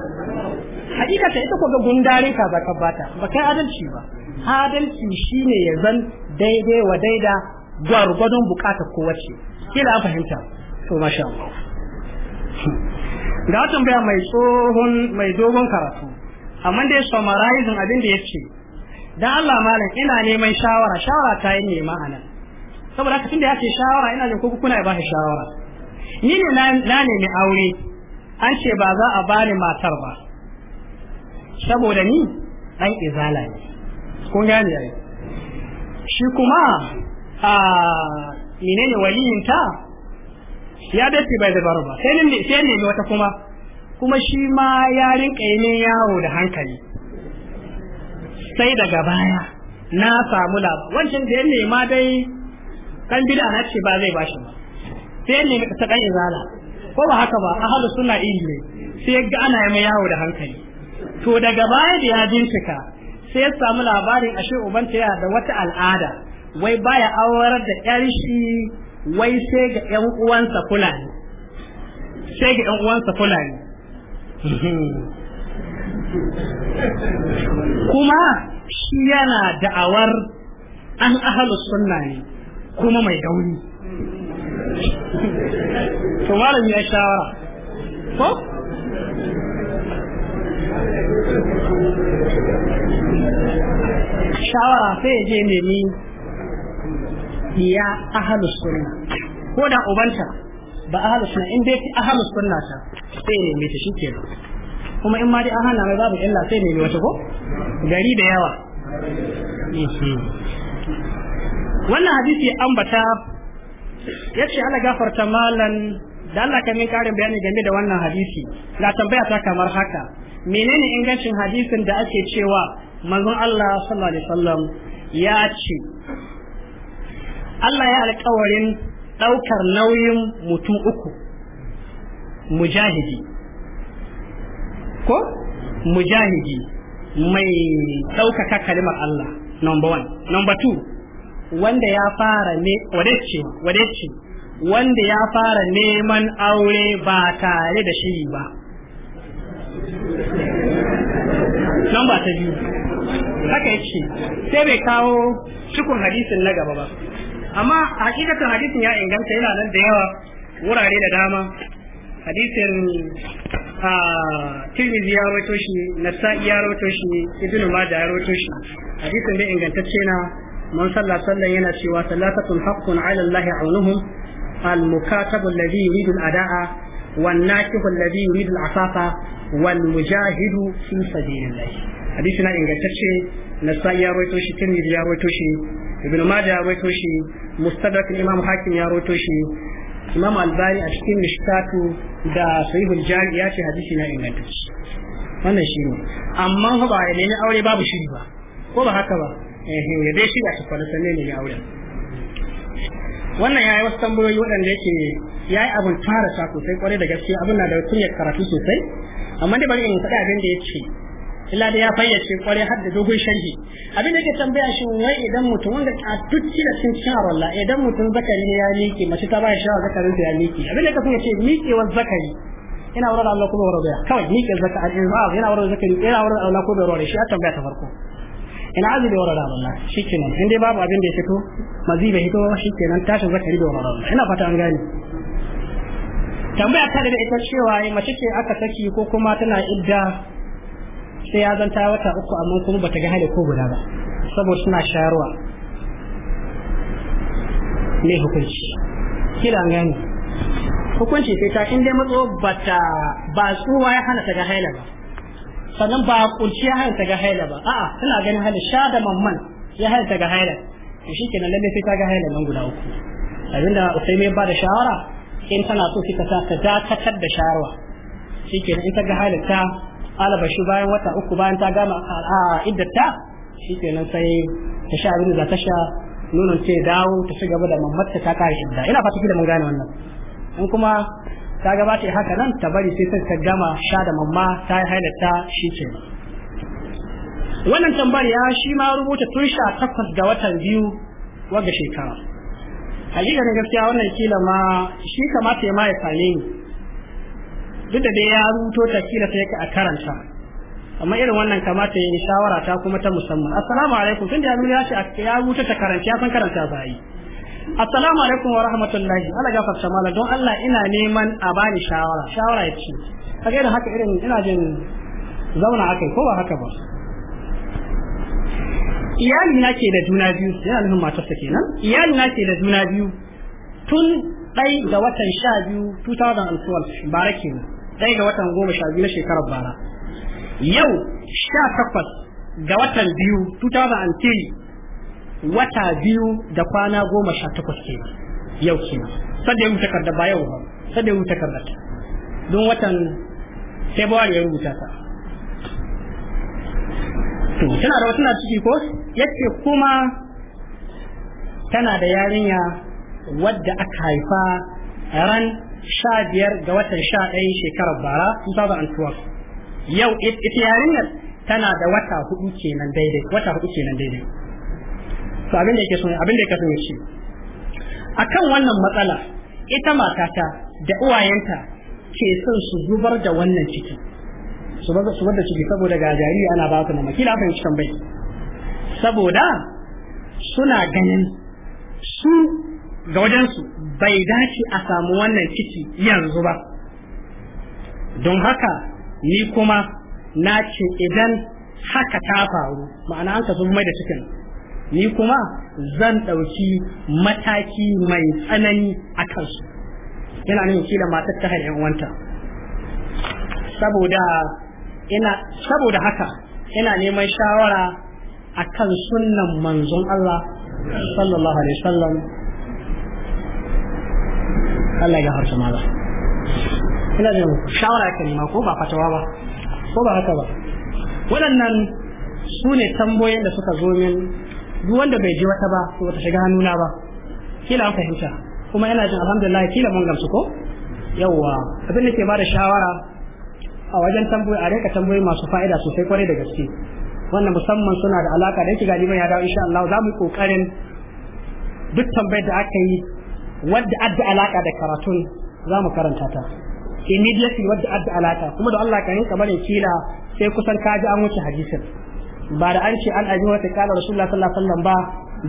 hakika ta ita ko ga gundare kaza ka bata ba kai adalci ba adalci shine ya zan daidai wa daida gwargwadon bukatar kowace kila an fahimta to masha Allah ga tambaya mai tsohon mai dogon karatu amma dai summarizing abin da yace dan Allah malam ina neman shawara shawara ta yi ne ma'ana saboda haka tunda yake shawara ina jin ko kuna ba shi shawara ni ne na nemi aure an ce ba za a bani matar ba saboda ni dan izala ne kun gane shi kuma a ah, menene waliyinta ya dace bai dabaru ba sai ne sai ne wata kuma kuma shi ma ya rinka yin yawo da hankali sai daga baya na samu labar wancan da ya nema dai kan bid'a na ce ba zai bashi ba sai ne ta kan izala ko ba haka ba ahlus sunna ne sai ga ana yin yawo da hankali to daga baya da ya ka sai ya samu labarin ashe ubanta yana da wata al'ada wai baya aurar da yar shi wai sai ga 'yan uwansa fulani sai ga 'yan uwansa fulani kuma shi yana da'awar an ahalus sunna ne kuma mai dauri to malam ya shawara ko shawara sai ya je nemi Ya ahlus sunna ko da ubanta ba ahlus sunna in dai ahlus sunna ta sai ne mai ta kuma in ma dai ahana mai babu illa sai ne wata ko gari da yawa mhm. wannan hadisi ambata yace ana gafarta malan da Allah ka min karin bayani game da wannan hadisi ga tambaya ta kamar haka menene ingancin hadisin da ake cewa manzon Allah sallallahu alaihi wasallam ya ce Allah ya alƙawarin ɗaukar nauyin mutum uku mujahidi ko mujahidi mai ɗaukaka kalimar Allah number one number two wanda ya fara ne wadace wadace wanda ya fara neman aure ba tare da shi ba number ta biyu haka yake sai bai kawo cikon hadisin na gaba ba amma hakikatan hadisin ya inganta yana nan da yawa wurare da dama hadisin a tirmizi ya rawaito shi na sa'i ya rawaito shi ibn da ya rawaito shi hadisin da ingantacce na man sallah sallan yana cewa salatatun haqqun ala allahi aunuhum al mukatabu alladhi yuridu ada'a wan nakihu alladhi yuridu asafa wal mujahidu fi sabilillah hadisin na ingantacce na sa'i ya rawaito shi tirmizi ya rawaito shi ibn majah ya rawaito shi mustadrak imam hakim ya rawaito shi imam albani a cikin mishkatu da sahihul jari ya ce hadisi na ingantacce wannan shi ne amma ba ya nemi aure babu shiri ba ko ba haka ba ya dai shi ba shi kwalisa ne ne aure wannan ya yi wasu tambayoyi waɗanda yake ya yi abin tara sa sosai kwarai da gaske abin na da kunyar karatu sosai amma dai bari in faɗi abin da ya illa da ya fayyace kware har da dogon sharhi abin da ke tambaya shi wai idan mutum wanda a tucci da cin cin Allah idan mutum zakari ne ya miƙe mace ta bayan shawar zakarin da ya miƙe abin da kafin ya ce miƙewar zakari ina wurin Allah kuma wurin ya kawai miƙe zakari eh, yana wurin zakari yana wurin Allah kuma wurin shi a tambaya ta farko ina azu da wurin Allah shikenan in dai babu abin da ya fito mazi bai hito shikenan tashin zakari da wurin Allah ina fata an gane tambaya ta da ita cewa mace ce aka saki ko kuma tana idda sai ya zanta wata uku amma kuma bata ga hali ko guda ba saboda suna sharuwa ne hukunci kila gani hukunci sai ta in dai matso bata ba tsuwa ya hana ta ga haila ba sannan ba kunci ya hana ta ga haila ba a'a tana ganin hali sha da mamman ya hana ta ga haila to kenan lalle sai ta ga haila nan guda uku abinda Usaimi ba da shawara in tana so sai ta dakatar da shawarwa shikenan in ta ga halin ta alabashi bayan wata uku bayan ta gama a shi ke nan sai ta sha abin da ta sha nonon ce dawo ta ci gaba da mamatta ta kare idda ina fata da mun gane wannan in kuma ta gabata haka nan ta bari sai sai ta gama sha da mamma ta yi halatta shi ce wannan tambariya ya shi ma rubuta tun sha takwas ga watan biyu wagga shekara hakika ne gaskiya wannan kila ma shi kamata ya ma ya ni duk da dai ya rubuto ta kila sai ka a karanta amma irin wannan kamata ya yi shawara ta kuma ta musamman assalamu alaikum tunda ya nuna shi ya ruto ta karanta ya san karanta ba yi assalamu alaikum wa rahmatullahi Allah gafarta mala don Allah ina neman a bani shawara shawara ya ce kaga irin haka irin ina jin zauna akai ko ba haka ba iyali na ke da juna biyu yana nufin matarsa kenan iyali na ke da juna biyu tun ɗai ga watan sha biyu 2012 bara kenan ɗaya ga watan goma sha biyu na shekarar bara yau sha takwas ga watan biyu tuta ce wata biyu da kwana goma sha takwas ke yau kenan sadda ya mutakar da ba yau ba sadda ya da ta don watan february ya rubuta ta tana da watan ciki ko yace kuma tana da yarinya wadda aka haifa ran sha biyar ga watan sha ɗaya shekarar bara 2012 yau ita yarinyar tana da wata hudu kenan daidai wata hudu kenan daidai to abin da yake so abin da yake so shi akan wannan matsala ita matata da uwayenta ke son su zubar da wannan ciki su bar su bar da ciki saboda ga jariri ana ba su mama kila fa cikin tambayi saboda suna ganin su ga wajensu bai dace a samu wannan ciki yanzu ba don haka ni kuma na ce idan haka ta faru ma'ana an kasu mai da cikin ni kuma zan ɗauki mataki mai tsanani a kansu yana nuna shi da matar ta hanyar wanta saboda ina saboda haka ina neman shawara akan sunnan manzon Allah sallallahu alaihi wasallam Allah ya gafarta mala ina da shawara kan ma ko ba fatawa ba ko ba haka ba waɗannan su ne da suka zo min duk wanda bai ji wata ba ko ta shiga hannuna ba kila an fahimta kuma ina jin alhamdulillah kila mun gamsu ko yawwa abin da ke ba da shawara a wajen tamboyi a rika tamboyi masu fa'ida sosai kwarai da gaske wannan musamman suna da alaka da yake galiban ya dawo insha Allah za mu kokarin duk tambayar da aka yi wadda adda alaka da karatun za mu karanta ta immediately wadda adda alaka kuma da Allah kan kamar ya kila sai kusan ka ji an wuce hadisin ba da an ce an abi wata kala rasulullah sallallahu alaihi wasallam ba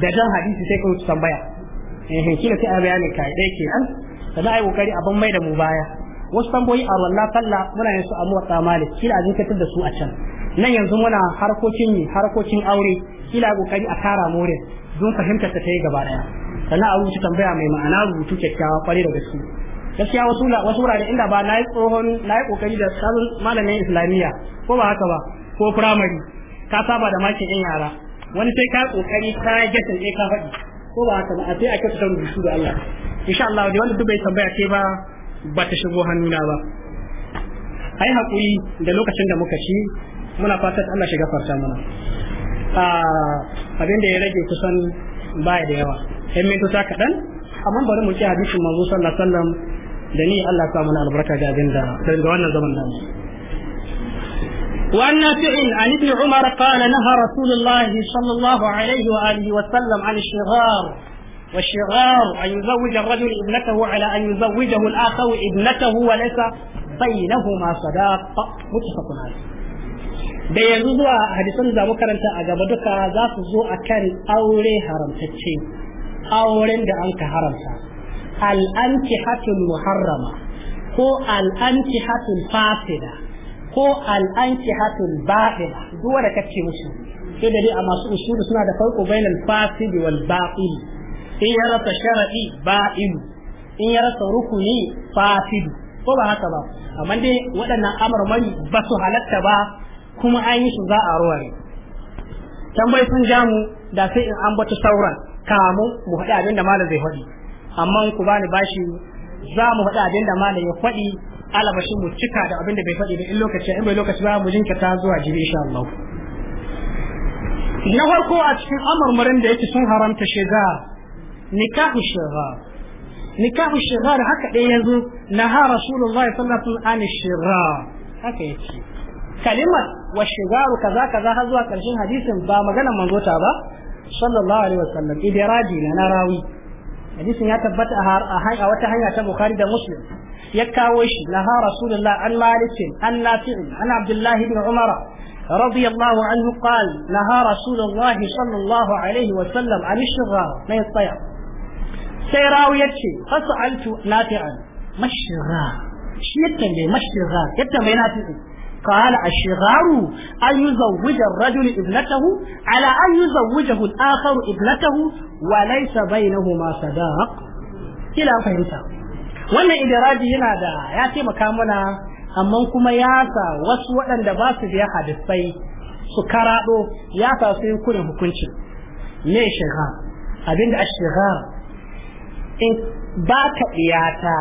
da dan hadisi sai ka wuce tambaya eh kila sai a bayanin kai dai an. da ai kokari a ban mai da mu baya wasu tamboyi a wallah sallah muna yin su a tsama malik kila a jinkatar da su a can nan yanzu muna harkokin harkokin aure kila kokari a kara more don fahimtar ta yi gaba daya sannan a rubuta tambaya mai ma'ana rubutu kyakkyawa kwarai da gaske gaskiya wasu wasu wurare inda ba na yi tsohon na yi kokari da sabon malamin islamiyya ko ba haka ba ko firamare ka saba da makin yan yara wani sai ka kokari ka gasin ɗaya ka faɗi ko ba haka ba a sai a ta rubutu da Allah insha Allah da wanda duk bai tambaya ce ba ba ta shigo hannuna ba ai hakuri da lokacin da muka ci muna fatan Allah shiga farta mana ah, abin da ya rage kusan baya da yawa yan mintuta kaɗan amma bari mu ci hadisin manzo sallallahu alaihi wasallam da ni Allah ya albarka ga abin da daga wannan zaman namu وعن نافع عن ابن عمر قال نهى رسول الله صلى الله عليه وآله وسلم عن الشغار والشغار أن يزوج الرجل ابنته على أن يزوجه الآخر ابنته وليس بينهما صداق متفق عليه da yanzu zuwa hadisan da karanta a gaba duka za su zo akan aure haramtacce auren da an ka haramta al'ankihatul muharrama ko al'ankihatul fasida ko al'ankihatul ba'ila duk wanda kace musu sai da dai a masu usulu suna da farko bainal fasid wal ba'il in ya rasa shar'i ba'il in ya rasa rukuni fasid ko ba haka ba amma dai waɗannan amarmari ba su halatta ba kuma an yi su za a ne. tambayi sun jamu da sai in an bata sauran kamu mu faɗi abinda malam zai faɗi amma ku bani bashi za mu faɗi abinda malam ya faɗi alabashi mu cika da abinda bai faɗi da in lokaci in bai lokaci ba mu ta zuwa jibi insha Allah na farko a cikin amarmarin da yake sun haramta shiga nikahu shiga nikahu shiga da haka ɗaya yanzu na ha rasulullahi sallallahu alaihi wasallam shiga haka yake kalimar wa shigaru kaza kaza har zuwa karshen hadisin ba magana manzota ba sallallahu alaihi wasallam idiraji na rawi hadisin ya tabbata a wata hanya ta bukhari da muslim ya kawo shi ha rasulullah an malikin an nafi'in an abdullahi ibn umara radiyallahu anhu qal ha rasulullah sallallahu alaihi wasallam an shirra mai tsaya sai rawi yace fasaltu nafi'an mashirra shi ya tambaye mashirra ya tambaye nafi'in قال الشغار أن يزوج الرجل ابنته على أن يزوجه الآخر ابنته وليس بينهما صداق إلى فهمت wannan idiraji yana da ya taimaka mana amma kuma ya sa wasu waɗanda ba su biya hadisai su karaɗo ya sa su yi kurin hukuncin me shiga abinda a shiga in ba iyata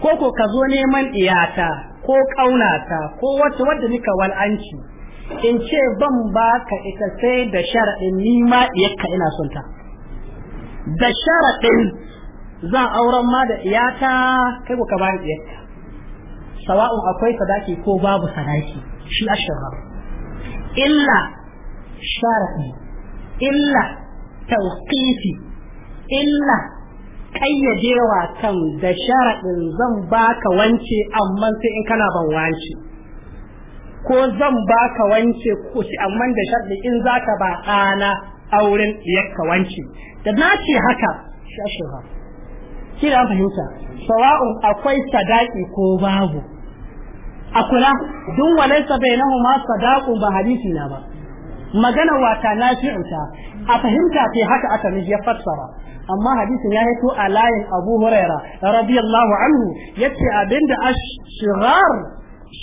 ko ko ka zo neman iyata ko ƙaunata ko wata wadda nika wal'anci in ce ban ba ka ita sai da sharaɗin nima ma iyakka ina son ta da sharaɗin zan auren ma da iyata kai ku ka bani iyakka sawa'un akwai sadaki ko babu sadaki shi ashirar. illa sharaɗi illa tawqifi illa kayyadewa kan da sharaɗin zan baka wance amma sai in kana ban wance ko zan baka wance ko shi amma da sharaɗi in zaka ba ɗana auren iyakka wance da na ce haka shashuha shi da fahimta sawa'un akwai sadaki ko babu a kula duk walaisa bainahuma sadaqun ba hadisi na ba magana wata nafi'uta a fahimta ce haka aka miji ya fassara amma hadisin ya hito a layin Abu Huraira radiyallahu anhu yace abinda ashirar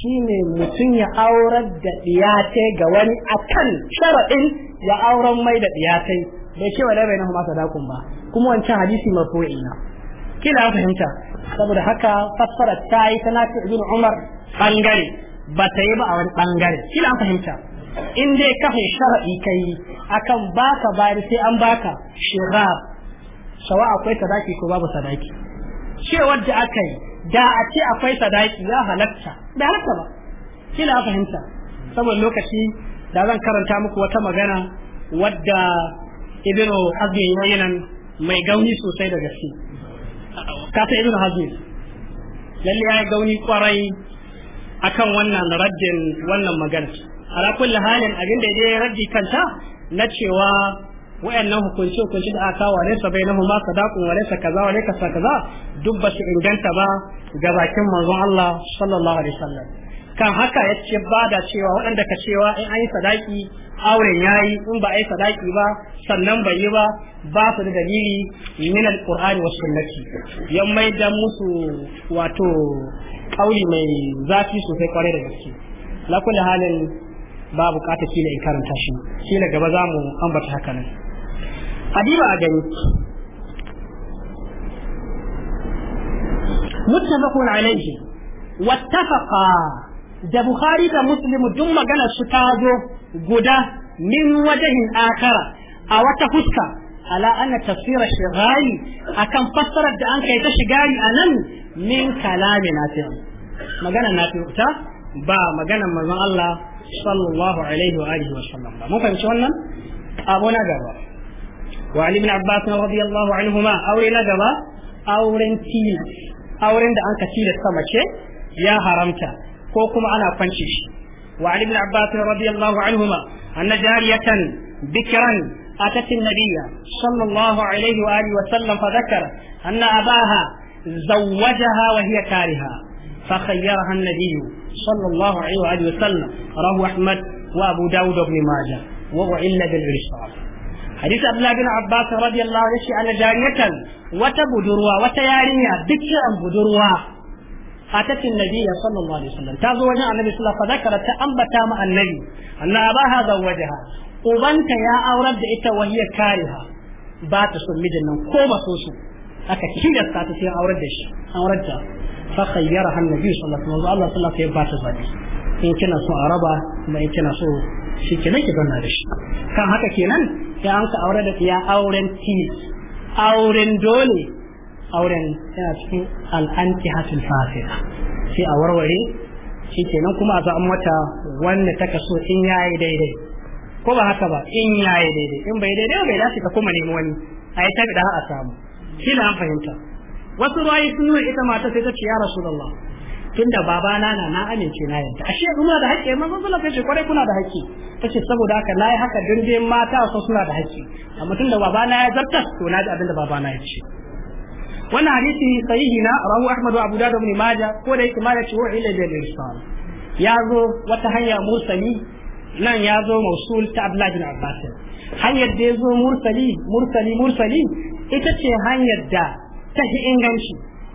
shine mutum ya aurar da diyatai ga wani akan sharaɗin ya auren mai da diyatai bai ce wala bai na kuma sadakun ba kuma wancan hadisi marfu'i na kila fahimta saboda haka fassara ta yi ta nafi Umar bangare ba ta yi ba a wani bangare kila fahimta in dai kafin shar'i kai akan baka bari sai an baka shira shawa akwai sadaki ko babu sadaki cewar da aka yi da a ce akwai sadaki ya halatta da halatta ba kila na fahimta saboda lokaci da zan karanta muku wata magana wadda ibnu hazmi yayinan mai gauni sosai da gaske kasa ibnu hazmi lalle ya gauni kwarai akan wannan rajin wannan magana ala kulli halin abin da ya raddi kanta na cewa wayannan hukunci hukunci da aka kawo bai na huma sadaqun wa laysa kaza wa laysa kaza duk ba su inganta ba ga bakin manzon Allah sallallahu alaihi wasallam kan haka ya ce ba da cewa waɗanda ka cewa in an yi sadaki auren yayi in ba a yi sadaki ba sannan bai yi ba ba su da dalili min alqur'ani was sunnati yan mai da musu wato ƙauye mai zafi sosai kwarai da gaske la kulli halin ba bukatar kila in karanta shi kila gaba za mu ambata haka nan adiba a gani muttafaqun alayhi wattafaqa da bukhari da muslim duk magana su ta zo guda min wajahin akara a wata fuska ala anna tafsira shigali akan fassarar da an kai ta shigari a nan? min kalami nafi'u magana nafi'u ta ba maganan manzon Allah sallallahu alaihi wa alihi wa sallam mun fahimci wannan abu na gaba wa ali ibn abbas radiyallahu anhuma aure na gaba auren tilas auren da anka tilasta mace ya haramta ko kuma ana kwance shi wa ali ibn abbas radiyallahu anhuma anna jariyatan bikran أتت النبي صلى الله عليه وآله وسلم فذكر أن أباها زوجها وهي كارهة فخيرها النبي صلى الله عليه وآله وسلم رواه أحمد وأبو داود بن ماجه وهو إلا بالإرسال حديث عبد الله بن عباس رضي الله عنه أن جارية وتبدروا وتيارية بكر بدروا أتت النبي صلى الله عليه وسلم تزوجها النبي صلى الله عليه وسلم فذكرت تأنبتا مع النبي أن أباها زوجها أبنت يا أورد إتا وهي كارهة بات سمي جنة كوبا سوسو أكا كيدا ساتسي أورد إيش أوردها fa khayyaraha annabi sallallahu alaihi wasallam Allah sallallahu alaihi wasallam ya bata zabi in kina so araba kuma in kina so shi kenan ki zanna da shi kan haka kenan ya an ka aure da ya auren tilis auren dole auren yana cikin al'anti hatul fasila sai a warware shi kenan kuma a za'an mata wanda ta kaso in yi daidai ko ba haka ba in ya yi daidai in bai daidai ba bai dace ka kuma nemi wani a yi ta da a samu shi na fahimta wasu ruwayi sun nuna ita mata sai ta ce ya rasulullah tunda babana na na amince na yanta ashe kuma da haƙƙi amma sallallahu alaihi kwarai kuna da haƙƙi tace saboda haka nayi haka dindin mata su suna da haƙƙi amma tunda babana ya zarta to na ji abinda babana ya ce wannan hadisi sahihi na rawu ahmadu abu dawud ibn majah ko da yake ma da ce wa da irsal ya zo wata hanya mursali nan ya zo mausul ta abdullahi bin abbas hanyar da ya zo mursali mursali mursali ita ce hanyar da ta fi inganci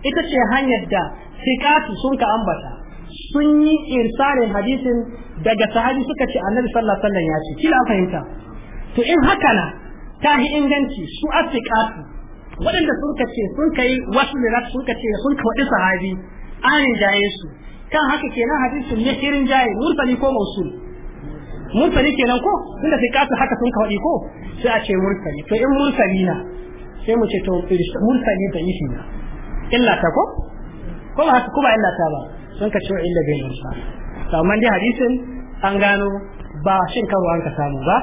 ita ce hanyar da sikatu sun ka ambata sun yi irsalin hadisin daga sahabi suka ce annabi sallallahu alaihi wasallam ya ce kila fahimta to in haka na ta fi inganci su asikatu waɗanda sun ka ce sun kai wasu lirat sun ka ce sun ka waɗi sahabi an rinjaye su kan haka kenan hadisin ne irin jaye murtali ko mausul murtali kenan ko tunda sai haka sun ka waɗi ko sai a ce murtali to in murtali na sai mu ce to ne da yi na illa ta ko ko ba ko ba illa ta ba sun ka ce illa bai mursal to amma dai hadisin an gano ba shin karo an ka samu ba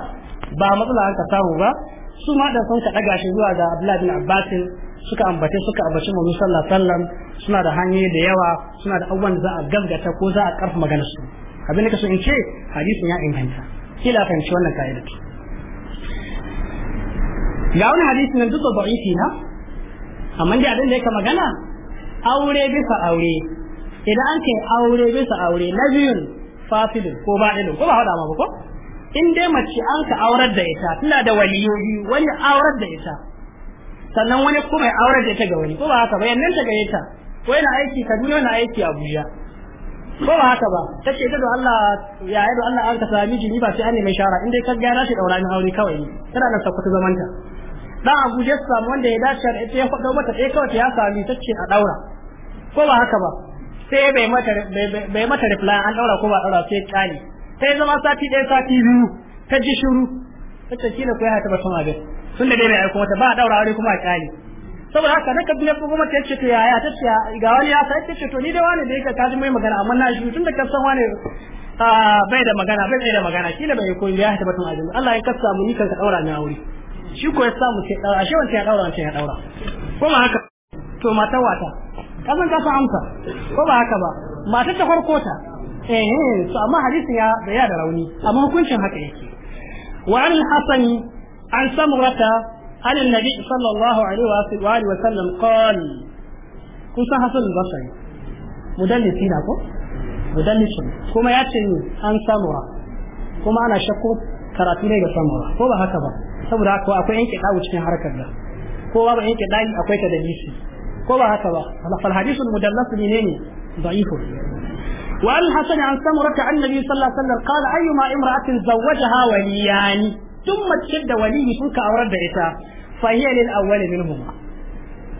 ba matsala an ka samu ba su ma da sun ka daga shi zuwa ga Abdullahi bin Abbas suka ambace suka ambace mu sallallahu alaihi wasallam suna da hanyoyi da yawa suna da abubuwan da za a gaggata ko za a karfa maganar su abin da kasu in ce hadisin ya inganta kila ci wannan ka'idar ga wani hadisi nan duk da da'ifi na amma dai abin da yake magana aure bisa aure idan an ce aure bisa aure na biyun fasilin ko ba ɗin ko ba hada ma ko in dai mace an ka aurar da ita tana da waliyoyi wani aurar da ita sannan wani kuma ya aurar da ita ga wani ko ba haka ba yannan ta gare ta ko yana aiki Kaduna yana aiki Abuja ko ba haka ba tace ita da Allah ya yi da Allah an ka sami jini ba sai an mai shara in dai ka gara shi daura ni aure kawai tana nan sakwata zamanta dan abu ya samu wanda ya dace da ita ya faɗo mata ɗaya kawai ya sami ta ce a ɗaura ko ba haka ba sai bai mata bai mata reply an ɗaura ko ba ɗaura sai kani sai zama sati ɗaya sati biyu ta ji shiru ta kina kila ko ya bata ma dai tunda dai bai aiko mata ba a ɗaura aure kuma a ƙani saboda haka na biya ko kuma ta ce to yaya ta ce ga wani ya sai tace ce to ni da wani da ta ji mai magana amma na shi tunda ka san wani ah, bai da magana bai da magana kila bai koyi ya bata ma dai Allah ya kasa mu ni kan ka na aure shi ko ya samu sai daura ashe wancan ya daura wancan ya daura ko ba haka to mata wata kasan ka fa amsa ko ba haka ba mata ta farko ta eh to amma hadisi ya da ya da rauni amma hukuncin haka yake wa an hasan an samurata an annabi sallallahu alaihi wa alihi wa sallam qali kun san hasan al-basri mudallisi na ko mudallisin kuma ya ce an samura kuma ana shakku karatu ne ga samura ko ba haka ba saboda haka akwai yanke dawo cikin harkar nan kowa ba yanke dawo akwai ka da nishi ko ba haka ba fal hadithu mudallas ne ne da'ifu wa al hasan an samura ka annabi sallallahu alaihi wasallam ayyuma imra'atin zawwajaha waliyan thumma tadda waliyi kun ka aurar da ita fa hiya lil awwali minhum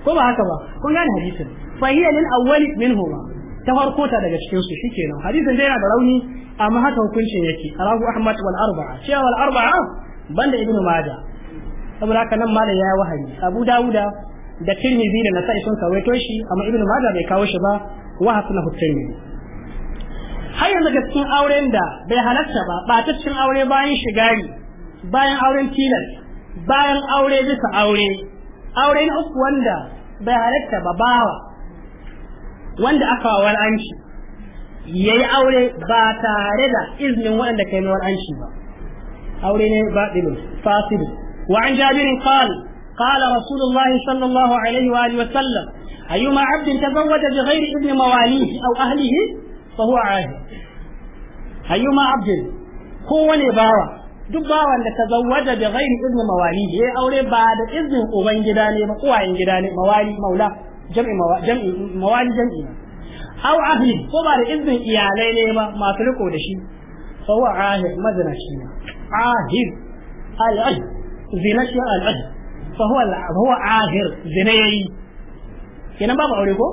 ko ba haka ba kun gane hadithin fa hiya lil awwali minhum ta farko ta daga cikin su shikenan hadithin dai yana da rauni amma haka hukuncin yake rahu ahmad wal arba'a cewa wal arba'a banda ibnu maja saboda haka nan malam ya wahayi abu dawuda da tirmidhi da nasa'i sun kawaito shi amma ibnu maja bai kawo shi ba wa hasana tirmidhi har yanzu ga cikin auren da bai halatta ba ba ta cikin aure bayan shigari bayan auren tilas bayan aure bisa aure aure na uku wanda bai halatta ba bawa wanda aka wa wal'anci yayi aure ba tare da iznin waɗanda kai wal'anci ba aure ne batilun fasid wa an jabir qal qala rasulullah sallallahu alaihi wa alihi wa sallam ayyuma abdin tazawwaja bi ghairi ibni mawalihi aw ahlihi fa huwa ahid bawa duk bawan da tazawwaja bi ghairi izinin mawali? ya aure ba da izinin uban gida ne ba uwayen gida ne mawali maula jam'i mawali jam'i aw ahli ko ba da izinin iyalai ne ba masu riko da shi fa wa ahid mazana shi ne عاهر العهد زنا shi al'ad fa huwa huwa ahir zina yayi kenan babu aure ko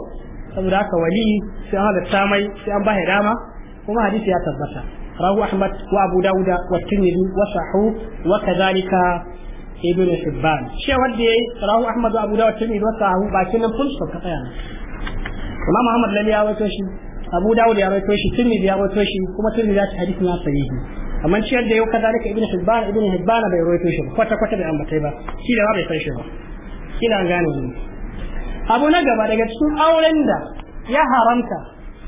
saboda haka wali sai an halatta mai sai an bahe dama kuma hadisi ya tabbata Rahu ahmad wa abu dauda wa tirmidhi wa sahu wa kadhalika ibn hibban shi wanda yayi Rahu ahmad wa abu dauda tirmidhi wa sahu ba nan kun stop ka tsaya kuma muhammad lam ya wato shi abu dauda ya wato shi tirmidhi ya wato shi kuma tirmidhi ya ta hadisi na sahihi kamar shi yadda yau daga ibnu hibban ibnu hibban bai rawaito shi kwata kwata bai ambatai ba shi da bai san shi ba kina gane ni abu na gaba daga cikin auren da ya haramta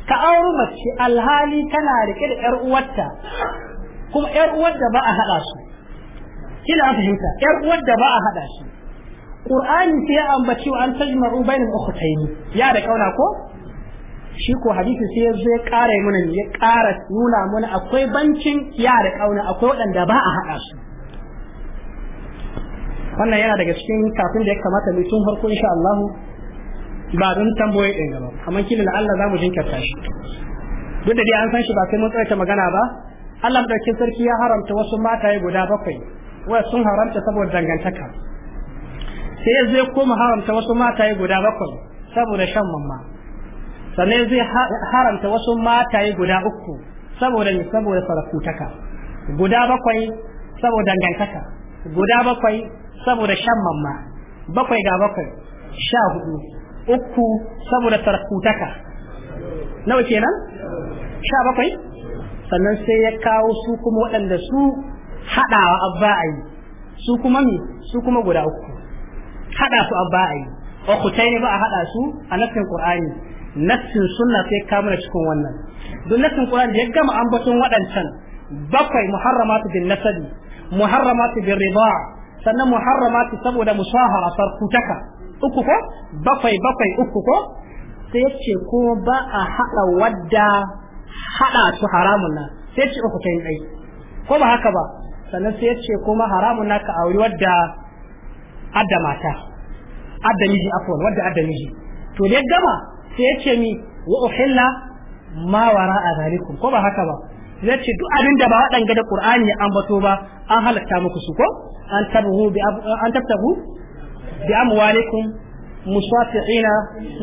ka auri mace alhali tana rike da yar uwarta kuma yar uwar da ba a hada su kina fahimta yar uwar da ba a hada su qur'ani sai an bace an tajma'u bainal ukhtayn ya da kauna ko shi ko hadisi sai ya zo ya ƙara yi mana ya ƙara nuna mana akwai bancin ya da ƙauna akwai waɗanda ba a haɗa su wannan yana daga cikin kafin da ya kamata mu tun farko insha Allah ba don tamboye ɗin gaba amma kila Allah za mu jinkirta shi duk da dai an san shi ba sai mun ta magana ba Allah madaukin sarki ya haramta wasu mataye guda bakwai wa sun haramta saboda dangantaka sai ya zai koma haramta wasu mataye guda bakwai saboda shan mamma sannan zai haramta wasu mataye guda uku saboda ne saboda sarakutaka guda bakwai saboda dangantaka guda bakwai saboda shan mamma bakwai ga bakwai sha hudu uku saboda sarakutaka nawa kenan sha bakwai sannan sai ya kawo su kuma waɗanda su haɗawa abba a yi su kuma mi su kuma guda uku haɗa su abba a yi wa ba a haɗa su a nafin ƙur'ani nassin sunna sai ka mana cikin wannan don nassin qur'an da ya gama ambaton waɗancan bakwai muharramatu bin nasabi muharramatu bin riba sannan muharramatu saboda musahara farkutaka uku ko bakwai bakwai uku ko sai ya ce ko ba a haɗa wadda haɗa su haramun nan sai ya ce uku kai dai ko ba haka ba sannan sai ya ce kuma haramun na ka auri wadda adda mata adda miji afwan wadda adda miji to ne gama sai yace mi wa uhilla ma a zalikum ko ba haka ba yace duk abin da ba wadanga da Qur'ani ya ambato ba an halatta muku su ko an tabhu bi an tabtahu bi amwalikum musafiina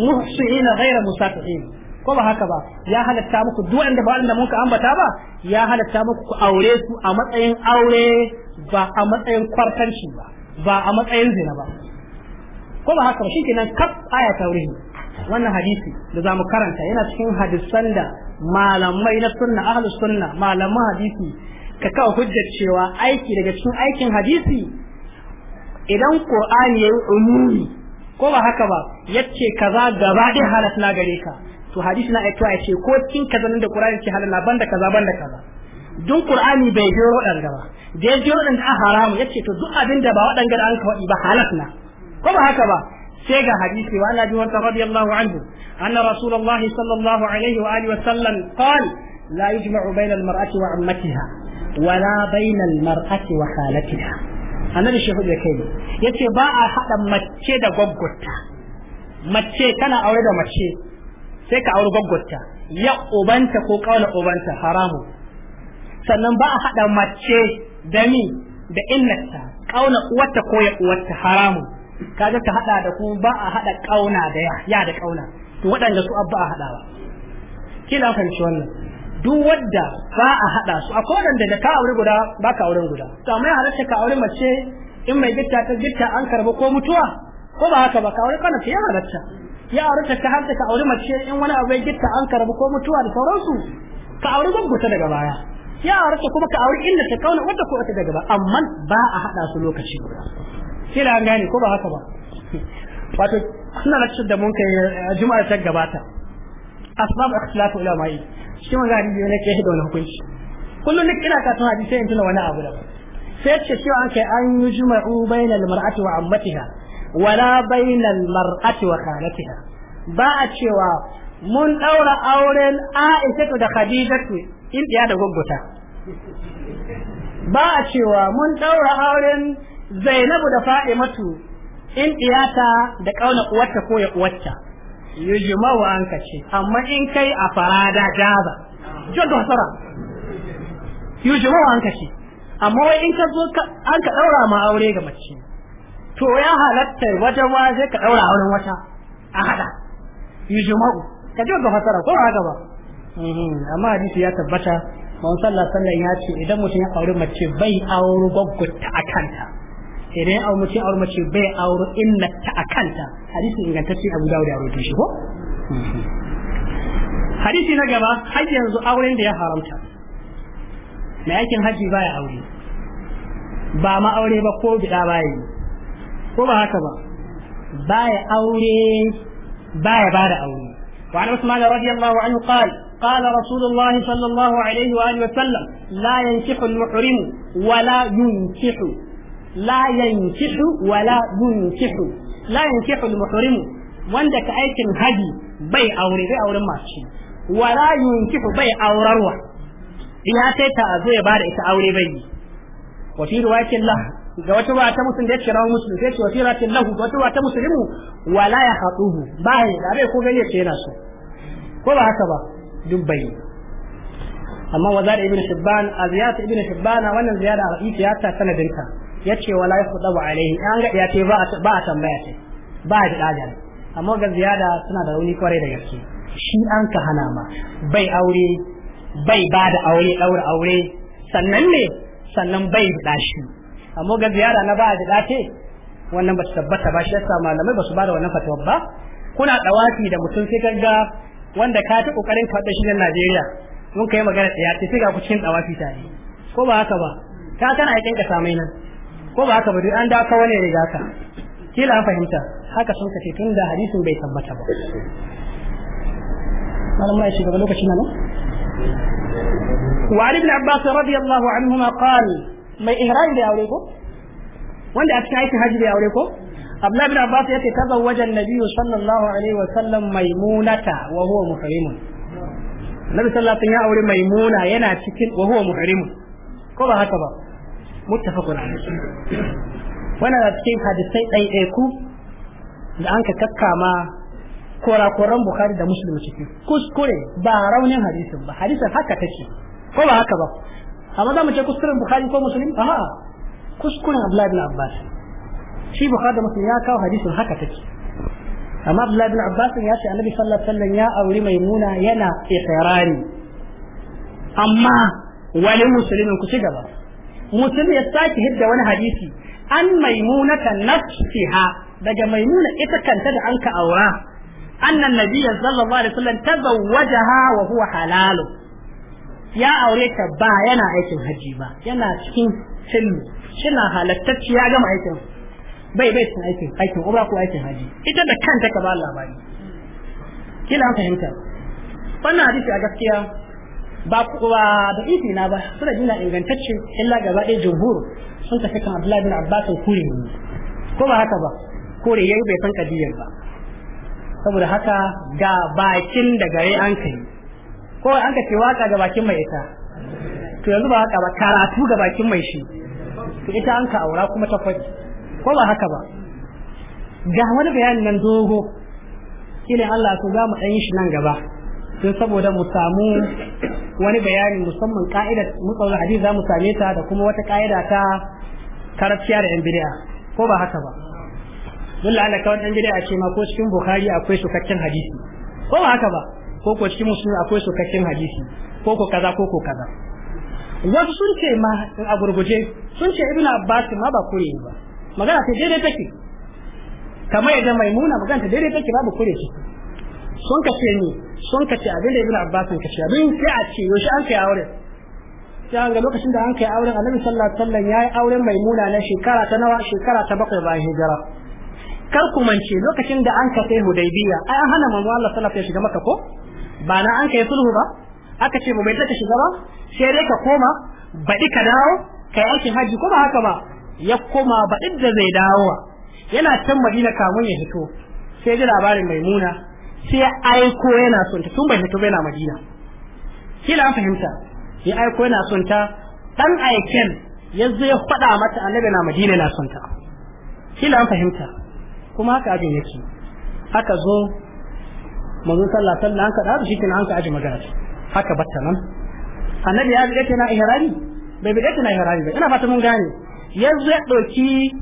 muhsiina ghayra musafiin ko ba haka ba ya halatta muku duk wanda ba wanda muka ambata ba ya halatta muku ku aure su a matsayin aure ba a matsayin kwartanci ba ba a matsayin zina ba ko ba haka ba shikenan kaf aya ta wannan hadisi da za mu karanta yana cikin hadisan da malamai na sunna ahlus sunna malaman hadisi ka kawo hujjar cewa aiki daga cikin aikin hadisi idan qur'ani yayi umumi ko ba haka ba yace kaza gaba da halas na gare ka to hadisi na aiki yace ce ko cikin kaza da qur'ani ce halal banda kaza banda kaza dun qur'ani bai je rodan ba da ya je rodan da haramu yace to duk abin da ba wadan an ka wadi ba halas na ko ba haka ba sai ga hadisi wa Allah biwanta radiyallahu anhu anna rasulullah sallallahu alaihi wa alihi wa sallam qala la yajma'u bayna al-mar'ati wa ammatiha wala bayna al-mar'ati wa khalatiha annabi shehu da kai ne yace ba a hada mace da gwaggwata mace tana aure da mace sai ka aure gwaggwata ya ubanta ko kaula ubanta haramu sannan ba a hada mace da ni da innata kauna uwarta ko ya uwarta haramu kaje ka hada da ku ba a hada kauna da ya ya da kauna to waɗanda su abba a hadawa na fahimci wannan duk wadda ba a hada su akwai wanda da ka aure guda ba ka auren guda to amma ya halatta ka aure mace in mai gitta ta gitta an karba ko mutuwa ko ba haka ba ka aure kana fiye halatta ya aure ta ta halatta ka aure mace in wani abu ya gitta an karba ko mutuwa da sauransu ka aure gwamnati daga baya ya aure ta kuma ka aure inda ta kauna wadda ko ta daga ba amma ba a hada su lokaci guda kila an gane ko ba haka ba wato suna lakcin da mun kai a eh, juma'ar ta gabata asbab ikhtilafu ulama'i shi ma yi ne ke hido na hukunci kullun nik ina katon hadisi in tuna wani abu da sai ce cewa an kai an yi juma'u bainal mar'ati wa ammatiha wala bainal mar'ati wa khalatiha ba a cewa mun daura auren Aisha da Khadijatu in da gwaggwata ba a cewa mun daura auren zainabu da fadimatu in diyata da kauna uwarta ko ya uwarta wa an kace amma in kai a farada jaza jon da hasara wa an kace amma wai in ka zo an ka daura ma aure ga mace to ya halatta wajen wa sai ka daura auren wata a hada yujuma ka jon da hasara ko haka ba mhm, amma hadisi ya tabbata Mawun sallah sallan ya ce idan mutum ya auri mace bai auri gwaggwata a kanta. idan ya aure mace aure mace bai aure illa ta akanta hadisi ingantacce Abu Dawud ya rawaito shi ko hadisi na gaba har yanzu auren da ya haramta mai aikin haji baya aure ba ma aure ba ko bida baya yi ko ba haka ba baya aure baya bada aure وعن عثمان رضي الله عنه قال قال رسول الله صلى الله عليه La وسلم لا ينكح المحرم ولا ينكح la yankihu wala yunkihu la yankihu al-muhrimu wanda ka aikin haji bai aure bai auren masu wala yunkihu bai aurarwa ya sai ta zo ya bada ita aure bai yi wa fi riwayatin la ga wata ruwa ta musulun da ya kira musulun sai ce wa fi riwayatin lahu ga wata ruwa ta musulmu wala ya haɗuhu ba ya da bai ko gani ya ce su, ko ba haka ba duk bai amma wa zari ibn shibban a ziyarta ibn shibban wannan ziyara a rafiya ta sanadinta yace wala yakhdabu alaihi an ga ya ce ba ba a tambaya ce ba a da ajal amma ga ziyada suna da rauni kwarai da gaske shi an ka hana ma bai aure bai ba da aure daura aure sannan ne sannan bai da shi amma ga ziyara na ba da ce wannan ba ta tabbata ba shi yasa malamai ba su ba da wannan fatawa ba kuna dawaki da mutum sai kaga wanda ka ta kokarin faɗa shi na Najeriya mun kai magana ya ta fi ga ku cikin tsawafi tare ko ba haka ba ka kana aikin ka samai nan ko ba haka ba duk an dawo ka wani riga ka kila an fahimta haka sun kace tun da hadisin bai tabbata ba malam mai shugaba lokacin nan wa ibn abbas radiyallahu anhuma qal mai ihram da aure ko wanda a cikin aikin hajji da aure ko Abdullah ibn Abbas yake tazawwaja an-nabiy sallallahu alaihi wa sallam maimunata wa huwa muhrimun nabi sallallahu alaihi wasallam ya aure maimuna yana cikin wa huwa muhrim ko ba haka ba muttafaqun alaihi wannan da cikin hadisai dai dai ku da an ka kakkama korakoran bukhari da muslim ciki kuskure ba raunin hadisin ba hadisin haka take ko ba haka ba amma za mu ce kuskuren bukhari ko muslim a'a kuskuren abdullahi bin abbas shi bukhari da muslim ya kawo hadisin haka take amma Abdullahi bin Abbas ya ce Annabi sallallahu alaihi wasallam ya auri Maimuna yana ihrani amma wani musulmin ku ci gaba musulmi ya saki hidda wani hadisi an maimunata nafsiha daga maimuna ita kanta da anka aura annan nabiyya sallallahu alaihi wasallam tazawwajaha wa huwa halalu ya aure ta ba yana aikin haji ba yana cikin cin shina halattacci ya gama aikin bai bai cin aikin aikin umra ko aikin haji ita da kanta ka ba labari kila an fahimta wannan hadisi a gaskiya ba kuwa da isi na ba suna jina ingantacce illa gaba ɗaya jumhur sun tafi kan Abdullahi bin Abbas kure ne ko ba haka ba kore yayi bai san kadiyar ba saboda haka ga bakin da gare an kai ko an ka ce waka ga bakin mai ita to yanzu ba haka ba karatu ga bakin mai shi to ita an ka aura kuma ta faɗi ko ba haka ba ga wani bayani nan dogo kila Allah to za mu yi shi nan gaba don saboda mu samu wani bayani musamman ka'idar mutsawar hadisi za mu same ta da kuma wata ka'ida ta karafiya da yan bid'a ko ba haka ba dole Allah kawai dan a ce ma ko cikin bukari akwai shukakken hadisi ko ba haka ba ko ko cikin Musulmi akwai shukakken hadisi ko ko kaza ko ko kaza wasu sun ce ma a gurguje sun ce Ibn Abbas ma ba kure ba magana ta daidai take kamar yadda maimuna magana ta daidai take babu kure ce sun ka ce ni sun ka ce abin da ibn abbas ka ce abin sai a ce shi an kai auren sai an ga lokacin da an kai auren annabi sallallahu alaihi wasallam yayi auren maimuna na shekara ta nawa shekara ta bakwai bayan hijira kar ku mance lokacin da an kai hudaybiya ai an hana manzo Allah sallallahu alaihi wasallam ya shiga maka ko ba na an kai sulhu ba aka ce mu bai ta shiga ba sai dai ka koma baɗi ka dawo ka yi aikin hajji ko ba haka ba ya koma ba inda zai dawowa yana can madina kamun ya fito sai ji labarin maimuna sai ya aiko yana son ta tun bai fito bai na madina kila an fahimta ya aiko yana son ta dan aiken ya ya fada mata annabi na madina na son ta kila da fahimta kuma haka abin yake haka zo manzon sallah alaihi an ka da shi kina an ka aji magana haka batta nan annabi ya bi na ihrami bai bi na ihrami ba ina fata mun gane Yanzu ya ɗauki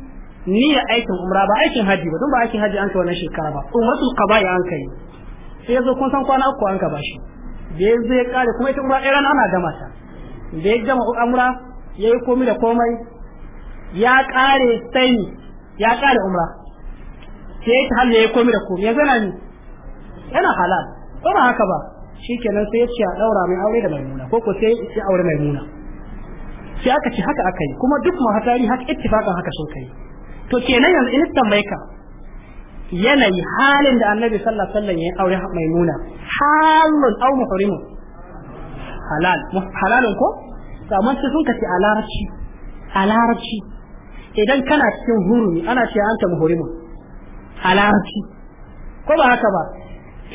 niya aikin umra ba aikin haji ba don ba aikin haji an kai wannan shekara ba umratul qada'i an kai sai yanzu kun san kwana uku an ka bashi da ya ya kare kuma ita umra ɗaya ana gama ta da ya gama umra ya yi komai da komai ya kare sai ya kare umra sai ta hali ya yi komai da komai yanzu yana yana halal ba haka ba kenan sai ya ce a ɗaura mai aure da maimuna ko ko sai ya aure maimuna sai aka ci haka aka yi kuma duk mahatari haka ittifakan haka so kai to kenan yanzu in tambaye ka yanayi halin da annabi sallallahu alaihi wasallam ya aure maimuna halun au muhrimun halal halalun ko to amma sai sun kace a larabci a larabci idan kana cikin hurumi ana ce anta muhrimun a larabci ko ba haka ba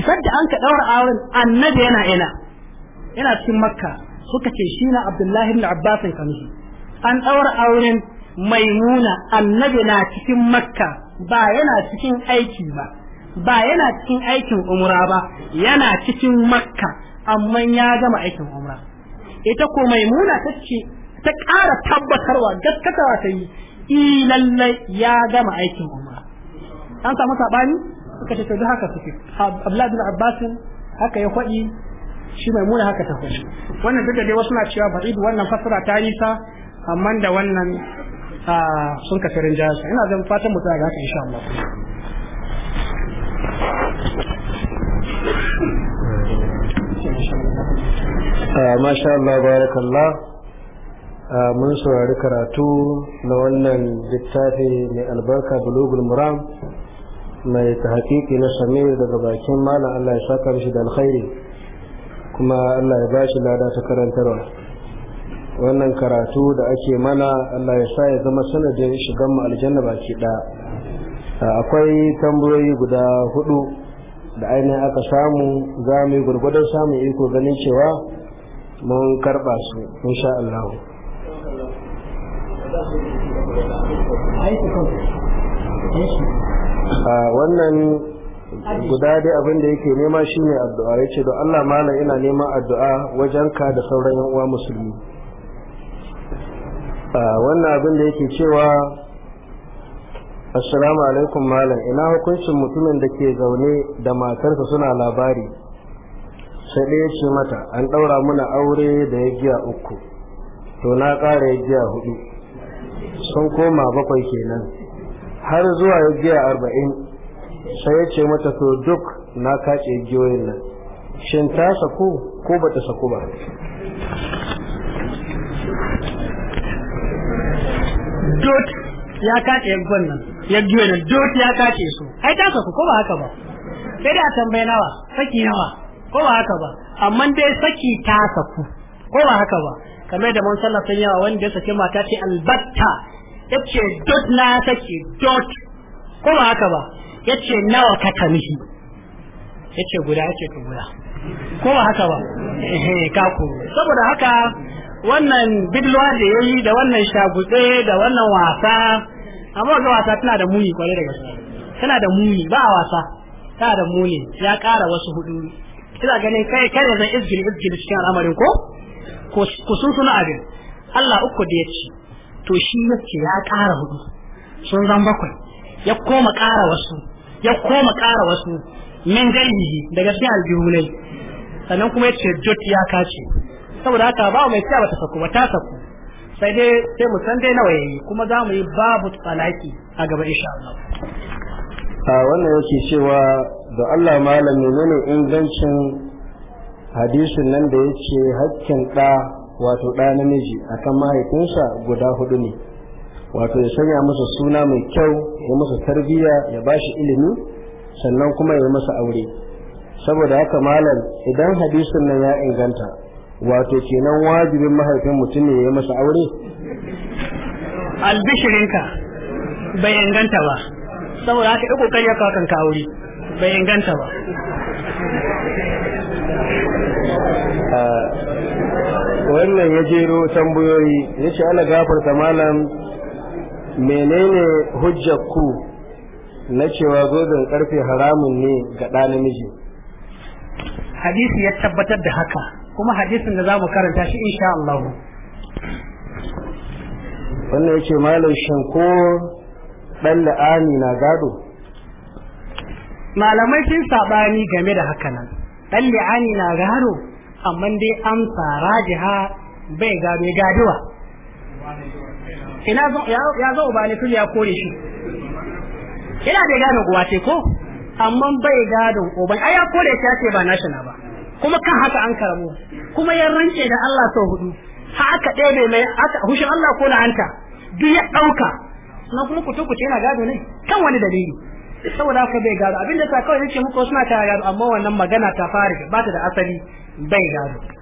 isar da an ka daura auren annabi yana ina yana cikin makka suka ce shi na abdullahi ibn abbas kanshi an daura auren maimuna annabi na cikin makka ba yana cikin aiki ba ba yana cikin aikin umra ba yana cikin makka amma ya gama aikin umra ita ko maimuna ta ce ta ƙara tabbatarwa gaskatawa ta yi i lallai ya gama aikin umra an samu sabani suka ce to haka suke Abdullahi Ibn Abbas haka ya faɗi shi mai muna haka ta fashi wannan duk da dai wasu na cewa ba idu wannan fasara ta yi ta amma da wannan sun ka tarin jasa ina zan fatan mutum ga haka insha Allah masha Allah barakallah mun saurari karatu na wannan littafi mai albarka bulugul muram mai tahqiqi na samir daga bakin malam Allah ya saka mishi da alkhairi kuma Allah ya bashi lada ta karantarwa wannan karatu da ake mana Allah ya sa ya zama sanadin shigan mu aljanna baki ɗaya akwai tambayoyi guda hudu da ainihin aka samu za mu yi gurgudan samun iko ganin cewa mun karɓa su insha Allah wannan guda dai abin da yake nema shine addu'a yace don Allah malam ina neman addu'a wajenka da sauran yan uwa musulmi wannan abin da yake cewa assalamu alaikum malam ina hukuncin mutumin da ke zaune da matarsa suna labari sai ɗaya ce mata an ɗaura muna aure da ya giya uku to na ƙara ya giya hudu sun koma bakwai kenan har zuwa ya giya arba'in sai ya ce mata to duk na kace giyoyin nan shin ta saku ko ba ta saku ba duk ya kace yaggon nan ya giyoyin nan duk ya kace su ai ta saku ko ba haka ba sai da tambaye nawa saki nawa ko ba haka ba amma dai saki ta saku ko ba haka ba kamar da mun sallafin yawa wanda ya saki mata ce albatta yace dot na saki dot ko ba haka ba yace nawa ka kamishi yace guda yace ka guda ko ba haka ba eh ka ku saboda haka wannan bidluwa da yayi da wannan shagutse da wannan wasa amma ga wasa tana da muni kwarai da gaske tana da muni ba a wasa tana da muni ya kara wasu hudu kina ganin kai kai zan izgil izgil cikin al'amarin ko ku sun suna abin Allah uku da ya to shi ya ya kara hudu sun zan bakwai ya koma kara wasu ya koma ƙara wasu min gaibihi daga cikin aljihunai sannan kuma ya ce jot ya kace saboda haka ba mai tsaya ba ta saku ba ta saku sai dai sai mu san dai nawa yayi kuma za mu yi babu talaki a gaba insha Allah a wannan yake cewa da Allah malam menene ingancin hadisin nan da yake hakkin da wato da namiji akan mahaifinsa guda hudu ne wato ya sanya masa suna mai kyau ya masa tarbiyya ya ba shi ilimi sannan kuma ya masa aure saboda haka malam idan hadisin nan ya inganta wato kenan wajibin mahaifin mutum ne ya masa aure albishirinka bai inganta ba saboda haka iko kariya ya kan ka aure bai inganta ba wannan ya jero tambayoyi ya ce ana gafarta malam menene hujjar ku na cewa zoben karfe haramun ne ga ɗa namiji hadisi ya tabbatar da haka kuma hadisin da za mu karanta shi insha Allah wannan ya ce malam shanko ɗan la'ani na gado malamai sun saɓani game da haka nan ɗan la'ani na gado amma dai amsa rajiha bai gado gadiwa. ina ya zo ne tun ya kore shi ina da gano uwa ce ko amma bai gado uban ai ya kore shi ce ba national ba kuma kan haka an karamu kuma ya rance da Allah sau hudu ha aka ɗebe mai aka hushin Allah ko la'anta duk ya ɗauka na kuma tuku ce yana gado ne kan wani dalili saboda haka bai gado abinda sa kawai nake muku wasu na ta gado amma wannan magana ta fara ba ta da asali bai gado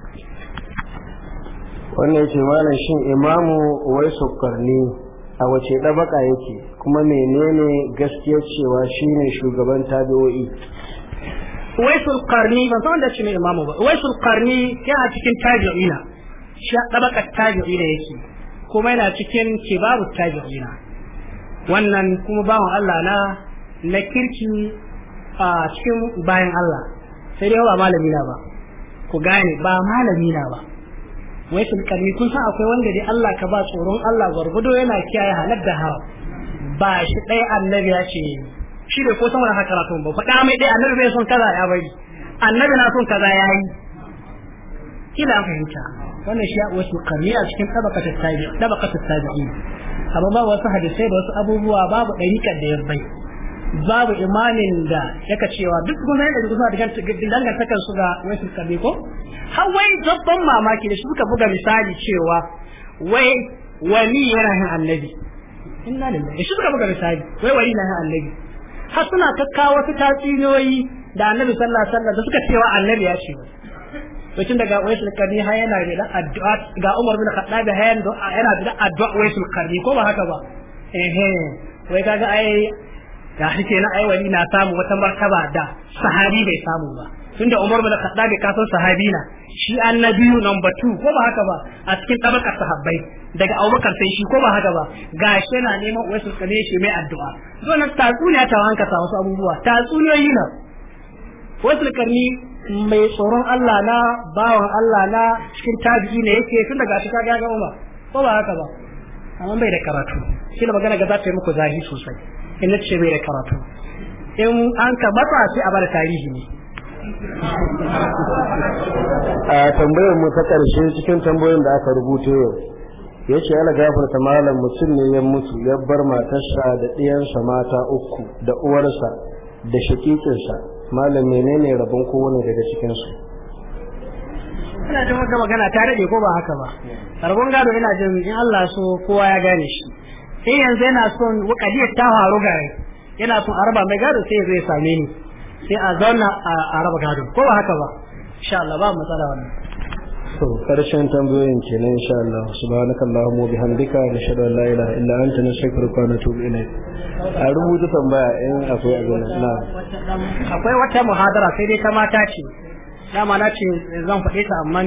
wannan ya ce malam shin imamu wai sukarni a wace ɗabaka yake kuma menene gaskiyar cewa shi ne shugaban tabi'o'i wai sukarni ban san da shi ne imamu ba wai sulkarni yana cikin na shi ɗabaka na yake kuma yana cikin kibaru na. wannan kuma bawan Allah na na kirki a cikin bayan Allah sai dai ba malami na ba ku gane ba malami na ba wai tilkarni kun san akwai wanda dai Allah ka ba tsoron Allah gwargwado yana kiyaye halar da haram ba shi ɗaya annabi ya ce shi bai ko san wani haka karatun ba faɗa mai ɗaya annabi bai son kaza ya bari annabi na son kaza ya yi kila fahimta wannan shi ya wasu karni a cikin tabaqat at-tabi'in tabaqat at-tabi'in amma ba wasu hadisai da wasu abubuwa babu ɗariƙar da ya bai babu imanin da yaka cewa duk gudanar da suna takan su ga wai su kabe ko har wai babban mamaki da shi suka buga misali cewa wai wani yana hin annabi inna lillahi shi suka buga misali wai wani yana hin annabi har suna ta kawo wasu tatsuniyoyi da annabi sallallahu alaihi wasallam da suka cewa annabi ya ce lokacin daga wasu kabe ha yana da addu'a ga Umar bin Khattab ha yana da addu'a wasu kabe ko ba haka ba eh eh wai kaga ai ga shi na ai na samu wata martaba da sahabi bai samu ba tunda Umar bin Khattab ka san sahabi na shi annabiyu number 2 ko ba haka ba a cikin tabakar sahabbai daga Abubakar sai shi ko ba haka ba ga shi yana neman wasu kane shi mai addu'a wannan tatsuniya ta wasu abubuwa tatsuniyoyi na wasu karni mai tsoron Allah na bawan Allah na cikin tabi'i ne yake tun daga shi kaga ya gama ba ko ba haka ba amma bai da karatu shi magana ga za ta yi muku zahi sosai in na ce bai da karatu in an ka matsa sai a bada tarihi ne a tambayar mu ta ƙarshe cikin tambayoyin da aka rubuta yau ya ce ala ta malam mutum ne ya mutu ya bar matarsa da ɗiyansa mata uku da uwarsa da shakikinsa malam menene rabon kowane daga cikinsu ina jin magana ta rage ko ba haka ba rabon gado ina jin in Allah so kowa ya gane shi sai yanzu yana son kadiyar ta faru gare yana son araba mai gado sai zai same ni sai a zauna a raba gado ko ba haka ba insha Allah ba matsala wannan to karshen tambayoyin kenan insha Allah subhanakallahumma wa bihamdika nashhadu an la ilaha illa anta nastaghfiruka wa natubu ilayk a rubuta tambaya in akwai gona na akwai wata muhadara sai dai ta mata ce dama na ce zan faɗe ta amma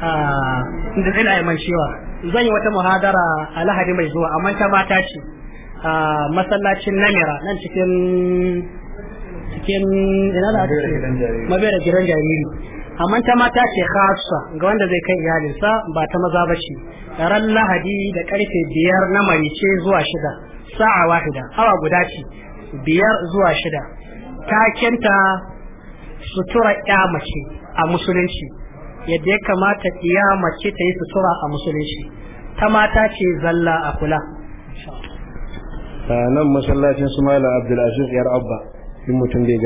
ah, inda zai na yi man cewa zan yi wata muhadara a lahadi mai zuwa amma ta mata ce a masallacin namira nan cikin cikin ina da mabera gidan jariri amma ta mata ce khassa ga wanda zai kai iyalinsa ba ta maza ba ce ran lahadi da karfe biyar na marice zuwa shida sa'a wahida awa guda ce biyar zuwa shida takenta sutura ya mace a musulunci yadda ya kamata iya mace ta yi sutura a musulunci ta mata ce zalla a kula nan masallacin su malam abdulaziz yar abba in mutum bai